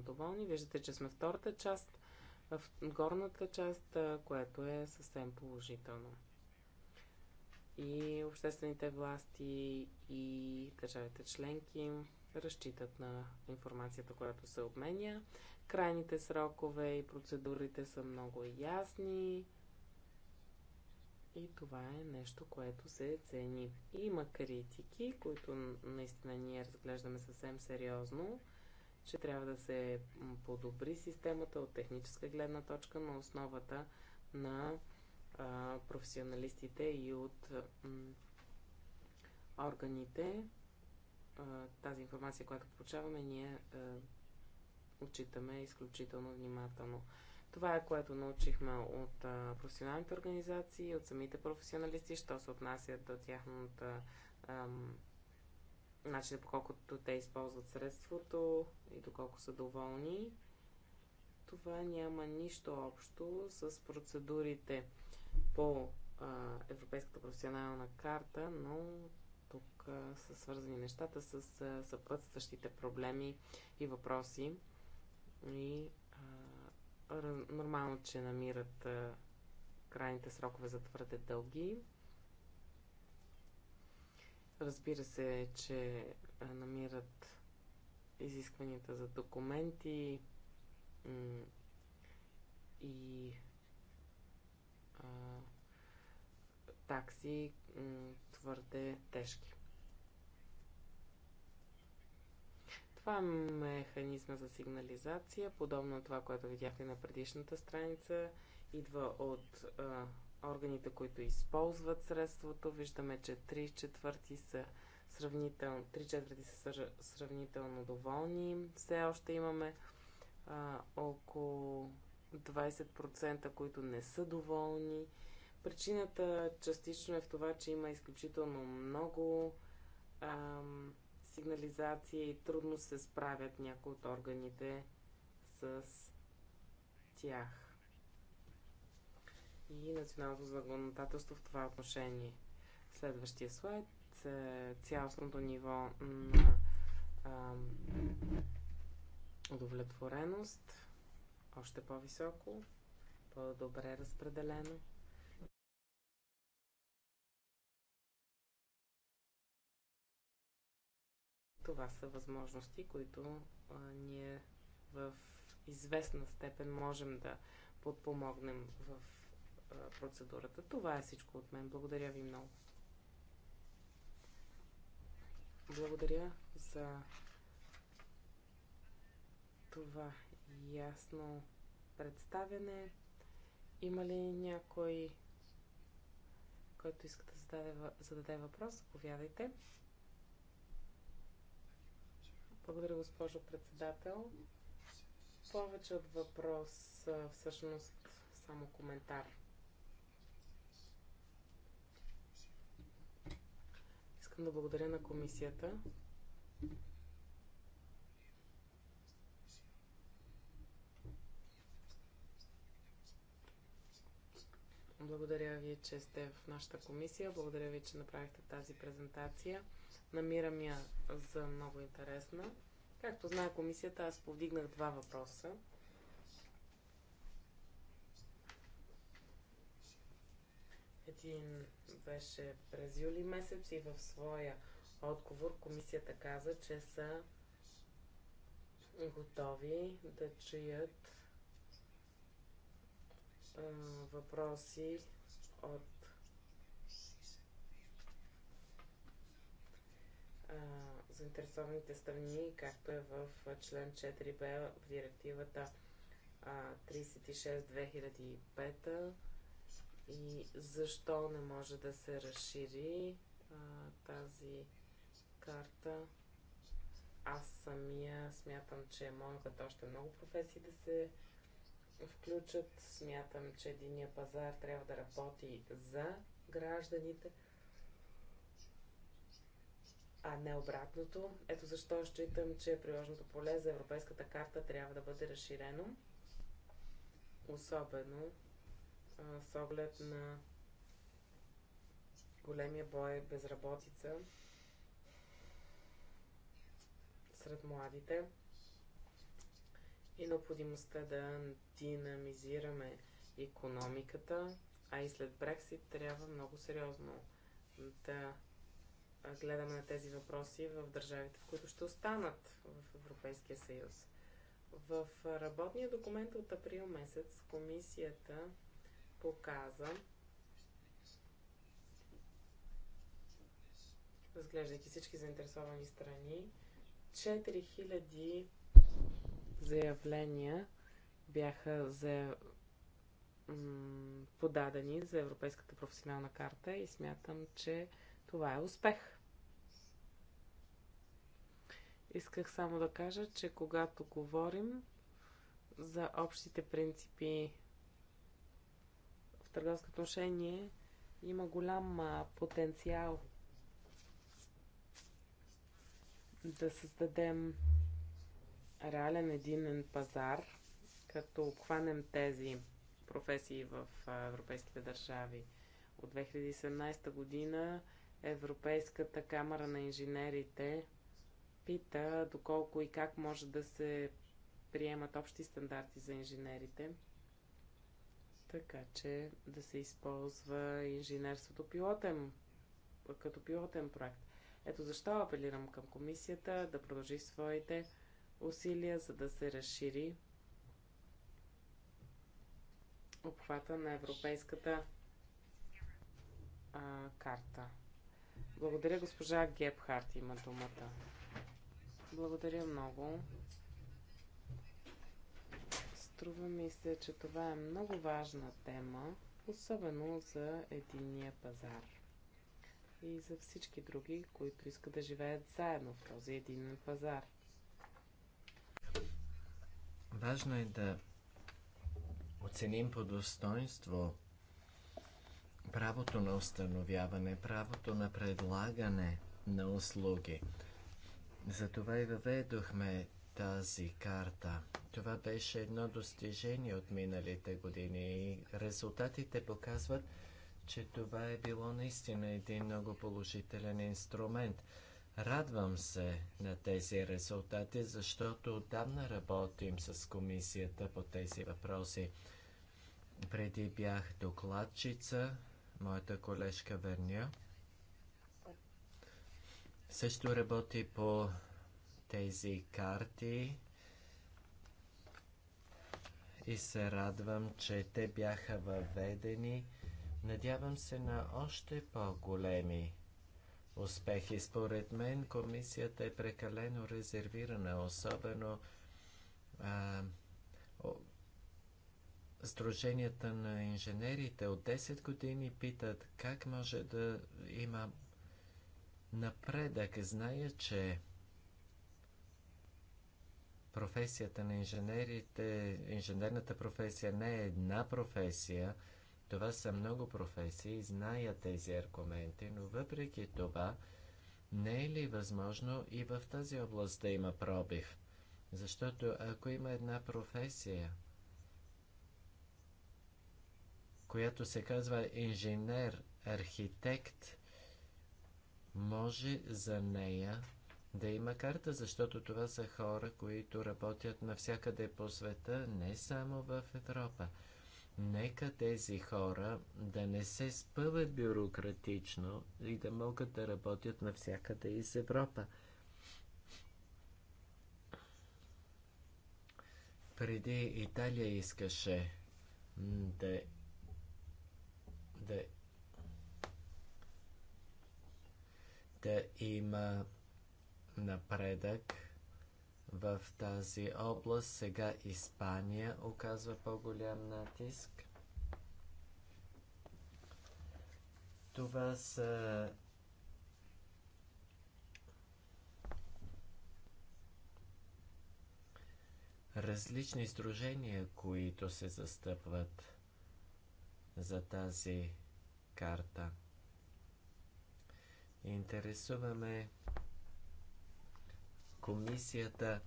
доволни. Виждате, че сме втората част, в горната част, което е съвсем положително. И обществените власти и държавите членки разчитат на информацията, която се обменя. Крайните срокове и процедурите са много ясни. И това е нещо, което се цени. Има критики, които наистина ние разглеждаме съвсем сериозно, че трябва да се подобри системата от техническа гледна точка на основата на професионалистите и от органите тази информация, която получаваме, ние отчитаме изключително внимателно. Това е което научихме от а, професионалните организации, от самите професионалисти, що се отнасят до тяхната ам, начина по колкото те използват средството и доколко са доволни. Това няма нищо общо с процедурите по а, Европейската професионална карта, но тук са свързани нещата с съпътстващите проблеми и въпроси. И а, нормално, че намират а, крайните срокове за твърде дълги. Разбира се, че намират изискванията за документи и а, такси, твърде тежки. Това е механизма за сигнализация, подобно на това, което видяхте на предишната страница. Идва от а, органите, които използват средството. Виждаме, че 3 четвърти са сравнително, 3 четвърти са сравнително доволни. Все още имаме а, около 20%, които не са доволни Причината частично е в това, че има изключително много ам, сигнализации и трудно се справят някои от органите с тях. И националното законодателство в това отношение. Следващия слайд е цялостното ниво на ам, удовлетвореност. Още по-високо, по-добре разпределено. Това са възможности, които а, ние в известна степен можем да подпомогнем в а, процедурата. Това е всичко от мен. Благодаря ви много. Благодаря за това ясно представяне. Има ли някой, който иска да зададе, зададе въпрос? Заповядайте. Благодаря, госпожо председател. Повече от въпрос, всъщност само коментар. Искам да благодаря на комисията. Благодаря ви, че сте в нашата комисия. Благодаря ви, че направихте тази презентация. Намирам я за много интересна. Както знае комисията, аз повдигнах два въпроса. Един беше през юли месец и в своя отговор комисията каза, че са готови да чуят въпроси от заинтересованите страни, както е в член 4б в директивата 36-2005 и защо не може да се разшири а, тази карта. Аз самия смятам, че могат още много професии да се включат. Смятам, че единия пазар трябва да работи за гражданите – а не обратното. Ето защо считам, че приложното поле за Европейската карта трябва да бъде разширено, особено а, с оглед на големия бой безработица сред младите и необходимостта да динамизираме економиката, а и след Брексит трябва много сериозно да гледаме на тези въпроси в държавите, в които ще останат в Европейския съюз. В работния документ от април месец комисията показа, разглеждайки всички заинтересовани страни, 4000 заявления бяха за подадени за Европейската професионална карта и смятам, че това е успех. Исках само да кажа, че когато говорим за общите принципи в търговско отношение, има голям потенциал да създадем реален единен пазар, като обхванем тези професии в европейските държави. От 2017 година Европейската камера на инженерите пита доколко и как може да се приемат общи стандарти за инженерите, така че да се използва инженерството пилотен, като пилотен проект. Ето защо апелирам към комисията да продължи своите усилия, за да се разшири обхвата на европейската а, карта. Благодаря, госпожа Гебхарт има думата. Благодаря много. Струва ми се, че това е много важна тема, особено за единния пазар и за всички други, които искат да живеят заедно в този единен пазар. Важно е да оценим по достоинство правото на установяване, правото на предлагане на услуги – затова и въведохме тази карта. Това беше едно достижение от миналите години и резултатите показват, че това е било наистина един много положителен инструмент. Радвам се на тези резултати, защото отдавна работим с комисията по тези въпроси. Преди бях докладчица, моята колежка Верня също работи по тези карти и се радвам, че те бяха въведени. Надявам се на още по-големи успехи. Според мен комисията е прекалено резервирана, особено а, о, Сдруженията на инженерите от 10 години питат как може да има напредък. Зная, че професията на инженерите, инженерната професия не е една професия, това са много професии, зная тези аргументи, но въпреки това, не е ли възможно и в тази област да има пробив? Защото ако има една професия, която се казва инженер, архитект, може за нея да има карта, защото това са хора, които работят навсякъде по света, не само в Европа. Нека тези хора да не се спъват бюрократично и да могат да работят навсякъде из Европа. Преди Италия искаше да, да да има напредък в тази област. Сега Испания оказва по-голям натиск. Това са различни сдружения, които се застъпват за тази карта. Интересуваме комисията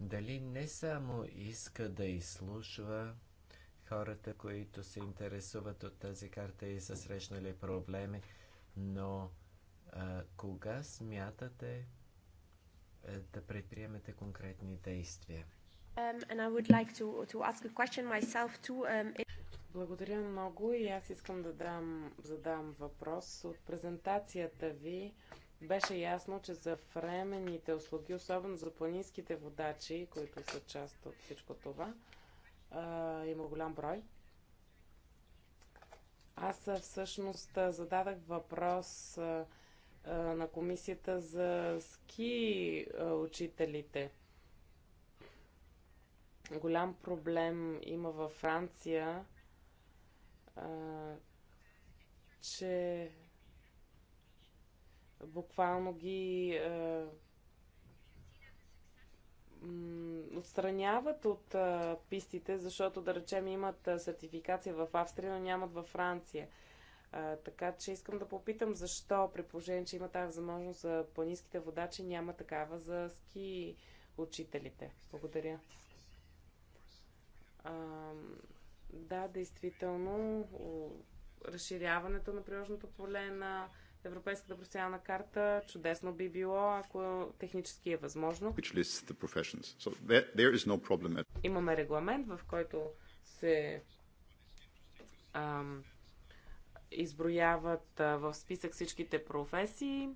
дали не само иска да изслушва хората, които се интересуват от тази карта и са срещнали проблеми, но а, кога смятате а, е, да предприемете конкретни действия? Um, like to, to too, um... Благодаря много и аз искам да дам, задам въпрос. От презентацията ви беше ясно, че за временните услуги, особено за планинските водачи, които са част от всичко това, а, има голям брой. Аз всъщност зададах въпрос а, а, на комисията за ски учителите. Голям проблем има във Франция а, че буквално ги а, отстраняват от а, пистите, защото да речем имат а, сертификация в Австрия, но нямат във Франция. А, така че искам да попитам защо при положение, че има тази възможност за планинските водачи, няма такава за ски учителите. Благодаря. Да, действително, разширяването на приложното поле на Европейската професионална карта чудесно би било, ако технически е възможно. So there, there no Имаме регламент, в който се ам, изброяват а, в списък всичките професии.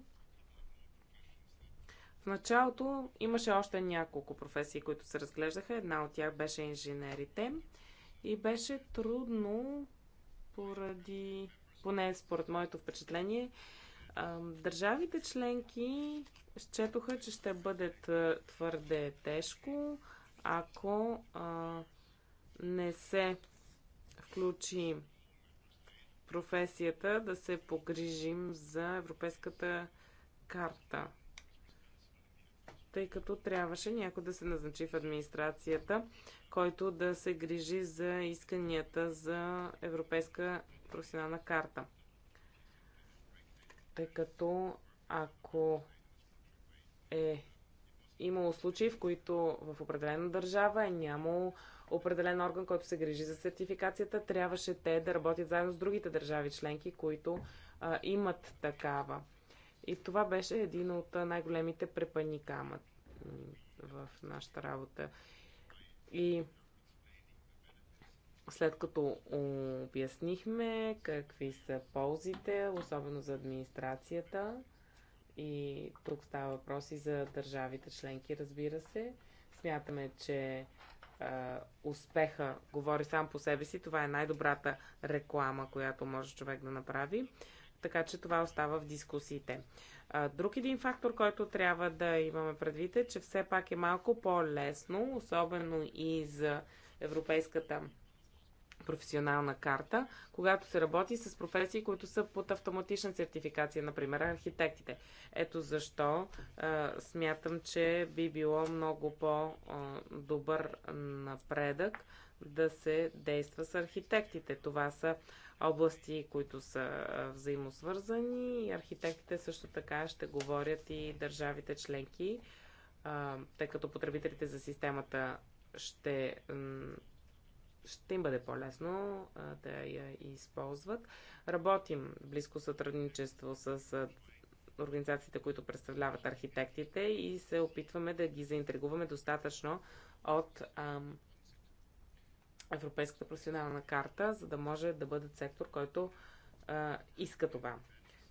В началото имаше още няколко професии, които се разглеждаха. Една от тях беше инженерите. И беше трудно поради, поне според моето впечатление, държавите членки счетоха, че ще бъде твърде тежко, ако не се включи професията да се погрижим за европейската карта тъй като трябваше някой да се назначи в администрацията, който да се грижи за исканията за европейска професионална карта. Тъй като ако е имало случаи, в които в определена държава е нямало определен орган, който се грижи за сертификацията, трябваше те да работят заедно с другите държави членки, които а, имат такава. И това беше един от най-големите препани камък в нашата работа. И след като обяснихме какви са ползите, особено за администрацията, и тук става въпроси за държавите членки, разбира се, смятаме, че е, успеха говори сам по себе си. Това е най-добрата реклама, която може човек да направи. Така че това остава в дискусиите. Друг един фактор, който трябва да имаме предвид е, че все пак е малко по-лесно, особено и за Европейската професионална карта, когато се работи с професии, които са под автоматична сертификация, например архитектите. Ето защо а, смятам, че би било много по-добър напредък да се действа с архитектите. Това са области, които са взаимосвързани. Архитектите също така ще говорят и държавите членки, тъй като потребителите за системата ще, ще им бъде по-лесно да я използват. Работим близко сътрудничество с организациите, които представляват архитектите и се опитваме да ги заинтригуваме достатъчно от ам, Европейската професионална карта, за да може да бъдат сектор, който а, иска това.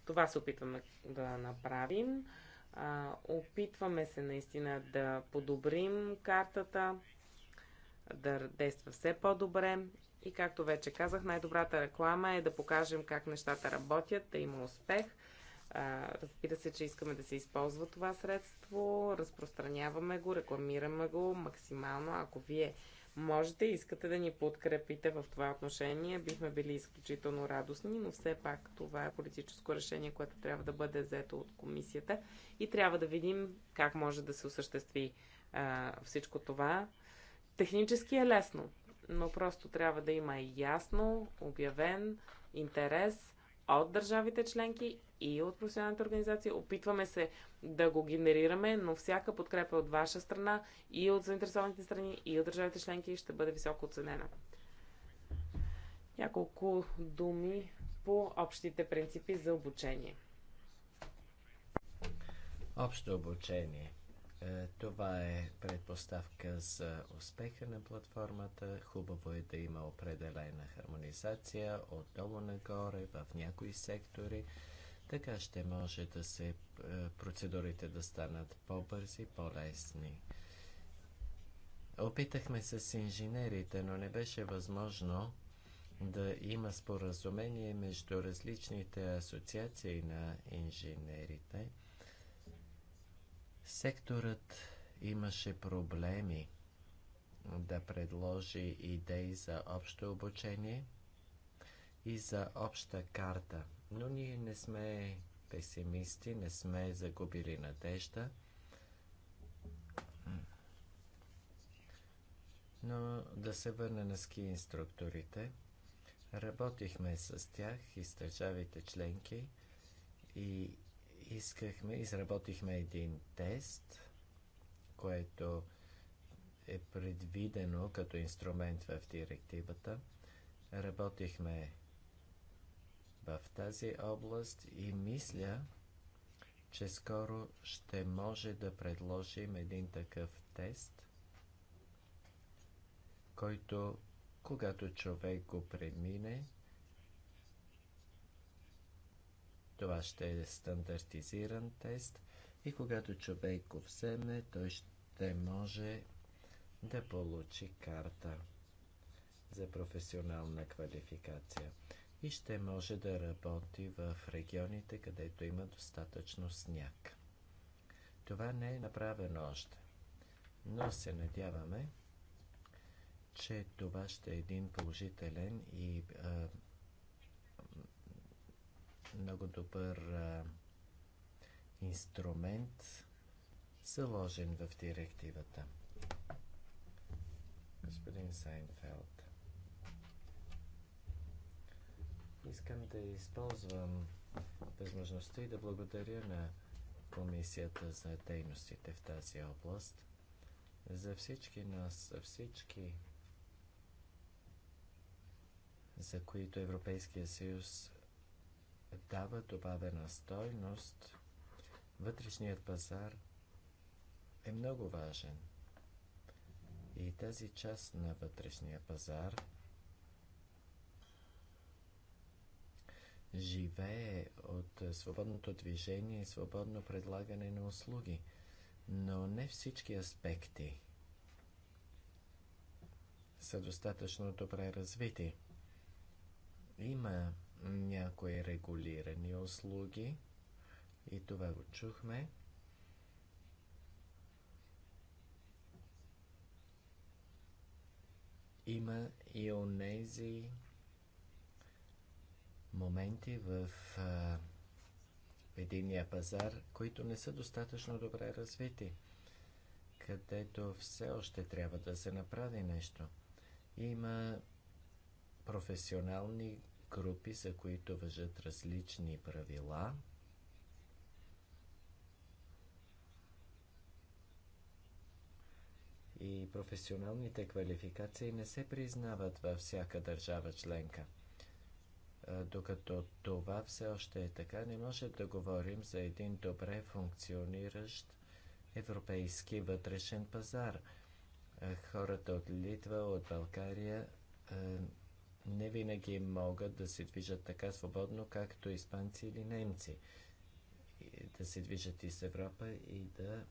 Това се опитваме да направим. А, опитваме се наистина да подобрим картата, да действа все по-добре. И както вече казах, най-добрата реклама е да покажем как нещата работят, да има успех. А, разбира се, че искаме да се използва това средство, разпространяваме го, рекламираме го максимално. Ако вие можете и искате да ни подкрепите в това отношение, бихме били изключително радостни, но все пак това е политическо решение, което трябва да бъде взето от комисията и трябва да видим как може да се осъществи а, всичко това. Технически е лесно, но просто трябва да има ясно обявен интерес от държавите членки и от професионалните организации. Опитваме се да го генерираме, но всяка подкрепа е от ваша страна и от заинтересованите страни и от държавите членки ще бъде високо оценена. Няколко думи по общите принципи за обучение. Общо обучение. Е, това е предпоставка за успеха на платформата. Хубаво е да има определена хармонизация отдолу нагоре в някои сектори. Така ще може да се е, процедурите да станат по-бързи, по-лесни. Опитахме се с инженерите, но не беше възможно да има споразумение между различните асоциации на инженерите – Секторът имаше проблеми да предложи идеи за общо обучение и за обща карта. Но ние не сме песимисти, не сме загубили надежда. Но да се върна на ски инструкторите. Работихме с тях и с държавите членки и искахме, изработихме един тест, което е предвидено като инструмент в директивата. Работихме в тази област и мисля, че скоро ще може да предложим един такъв тест, който, когато човек го премине, Това ще е стандартизиран тест и когато човек го вземе, той ще може да получи карта за професионална квалификация и ще може да работи в регионите, където има достатъчно сняг. Това не е направено още, но се надяваме, че това ще е един положителен и а, много добър а, инструмент, заложен в директивата. Господин Сайнфелд, искам да използвам възможността и да благодаря на Комисията за дейностите в тази област. За всички нас, за всички, за които Европейския съюз дава добавена стойност, вътрешният пазар е много важен. И тази част на вътрешния пазар живее от свободното движение и свободно предлагане на услуги, но не всички аспекти са достатъчно добре развити. Има някои регулирани услуги и това го чухме. Има и онези моменти в а, единия пазар, които не са достатъчно добре развити, където все още трябва да се направи нещо. Има професионални групи, за които въжат различни правила. И професионалните квалификации не се признават във всяка държава членка. Докато това все още е така, не може да говорим за един добре функциониращ европейски вътрешен пазар. Хората от Литва, от България не винаги могат да се движат така свободно, както испанци или немци. И да се движат из Европа и да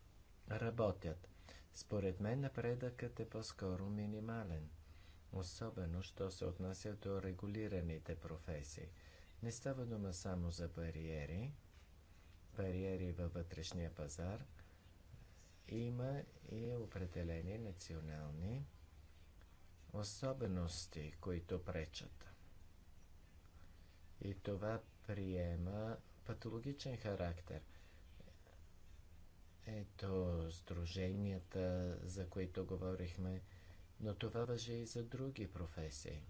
работят. Според мен напредъкът е по-скоро минимален, особено що се отнася до регулираните професии. Не става дума само за бариери, бариери във вътрешния пазар, има и определени национални особености, които пречат. И това приема патологичен характер. Ето сдруженията, за които говорихме, но това въжи и за други професии.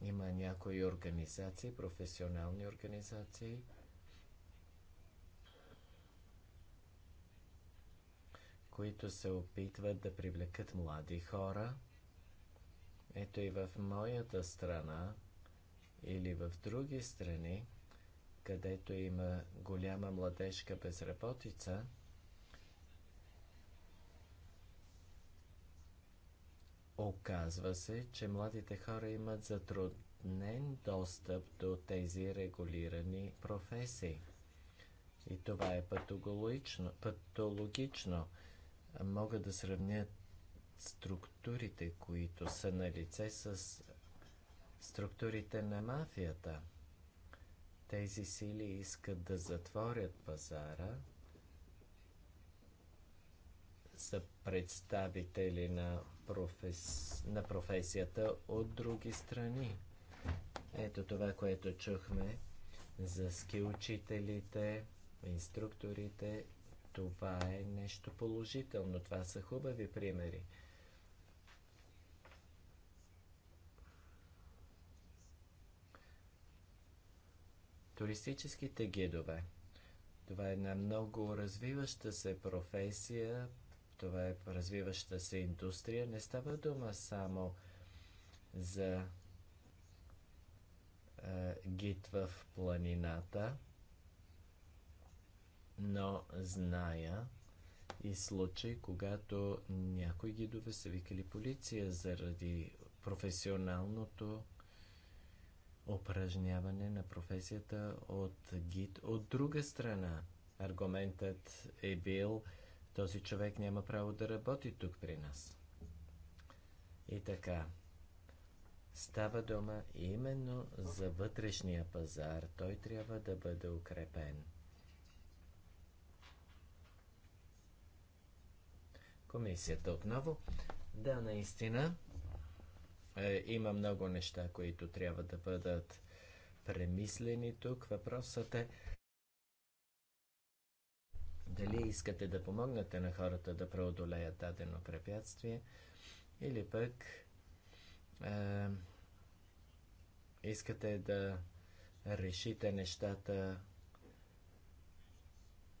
Има някои организации, професионални организации – които се опитват да привлекат млади хора. Ето и в моята страна или в други страни, където има голяма младежка безработица, Оказва се, че младите хора имат затруднен достъп до тези регулирани професии. И това е патологично. патологично. Мога да сравнят структурите, които са на лице с структурите на мафията. Тези сили искат да затворят пазара Са представители на, професс... на професията от други страни. Ето това, което чухме за ски учителите, инструкторите това е нещо положително. Това са хубави примери. Туристическите гидове. Това е една много развиваща се професия, това е развиваща се индустрия. Не става дума само за е, гид в планината но зная и случаи, когато някои гидове са викали полиция заради професионалното упражняване на професията от гид. От друга страна, аргументът е бил, този човек няма право да работи тук при нас. И така, става дума именно за вътрешния пазар. Той трябва да бъде укрепен. Комисията отново. Да, наистина е, има много неща, които трябва да бъдат премислени тук. Въпросът е дали искате да помогнете на хората да преодолеят дадено препятствие или пък е, искате да решите нещата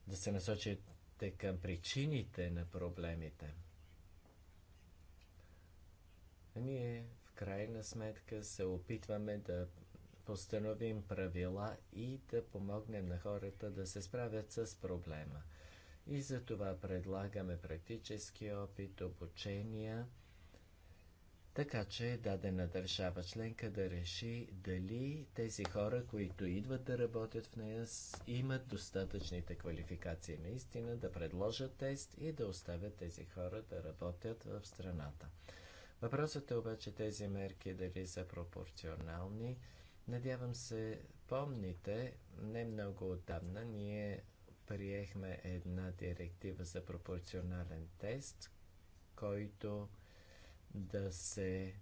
да се насочи те към причините на проблемите. Ние в крайна сметка се опитваме да постановим правила и да помогнем на хората да се справят с проблема. И за това предлагаме практически опит, обучения – така че дадена държава членка да реши дали тези хора, които идват да работят в нея, имат достатъчните квалификации наистина да предложат тест и да оставят тези хора да работят в страната. Въпросът е обаче тези мерки дали са пропорционални. Надявам се, помните, не много отдавна ние приехме една директива за пропорционален тест, който да се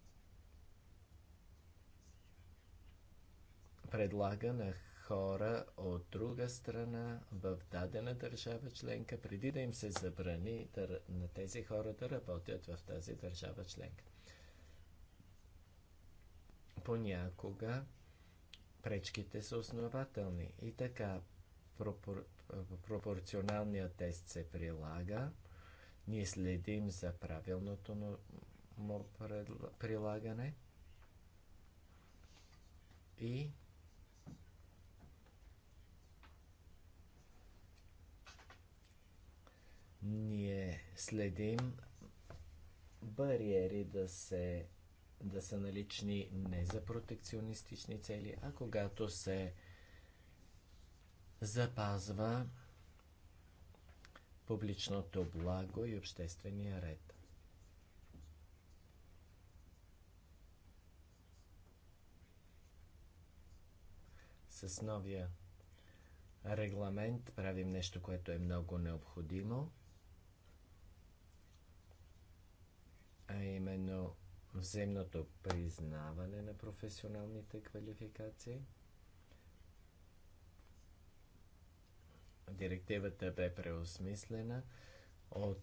предлага на хора от друга страна в дадена държава членка, преди да им се забрани да, на тези хора да работят в тази държава членка. Понякога пречките са основателни и така пропор, пропорционалният тест се прилага. Ние следим за правилното му прилагане и ние следим бариери да се да са налични не за протекционистични цели, а когато се запазва публичното благо и обществения ред. С новия регламент правим нещо, което е много необходимо, а именно взаимното признаване на професионалните квалификации. Директивата бе преосмислена от,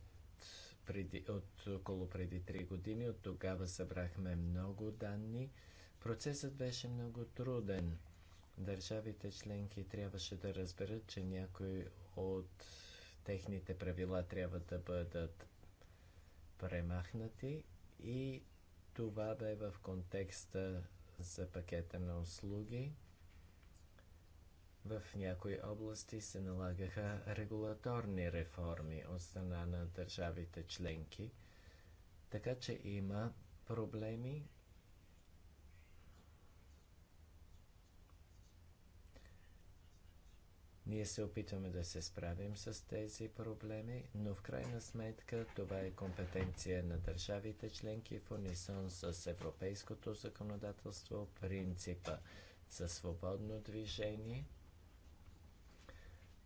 преди, от около преди 3 години. От тогава събрахме много данни. Процесът беше много труден. Държавите членки трябваше да разберат, че някои от техните правила трябва да бъдат премахнати и това бе в контекста за пакета на услуги. В някои области се налагаха регулаторни реформи от страна на държавите членки, така че има проблеми Ние се опитваме да се справим с тези проблеми, но в крайна сметка това е компетенция на държавите членки в унисон с европейското законодателство, принципа за свободно движение.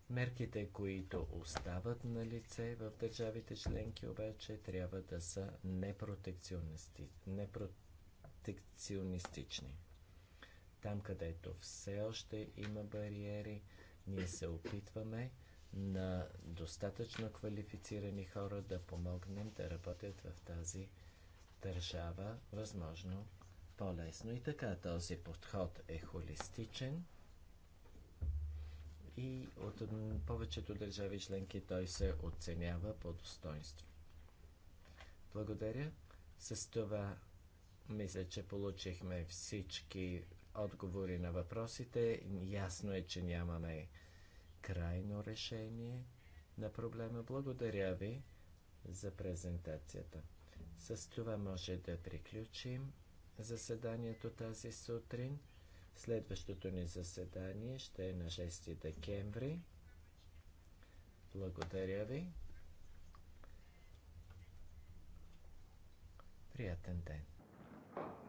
Мерките, които остават на лице в държавите членки, обаче трябва да са непротекционисти, непротекционистични. Там, където все още има бариери, ние се опитваме на достатъчно квалифицирани хора да помогнем да работят в тази държава, възможно по-лесно. И така този подход е холистичен и от повечето държави членки той се оценява по достоинство. Благодаря. С това мисля, че получихме всички отговори на въпросите. Ясно е, че нямаме крайно решение на проблема. Благодаря ви за презентацията. С това може да приключим заседанието тази сутрин. Следващото ни заседание ще е на 6 декември. Благодаря ви. Приятен ден.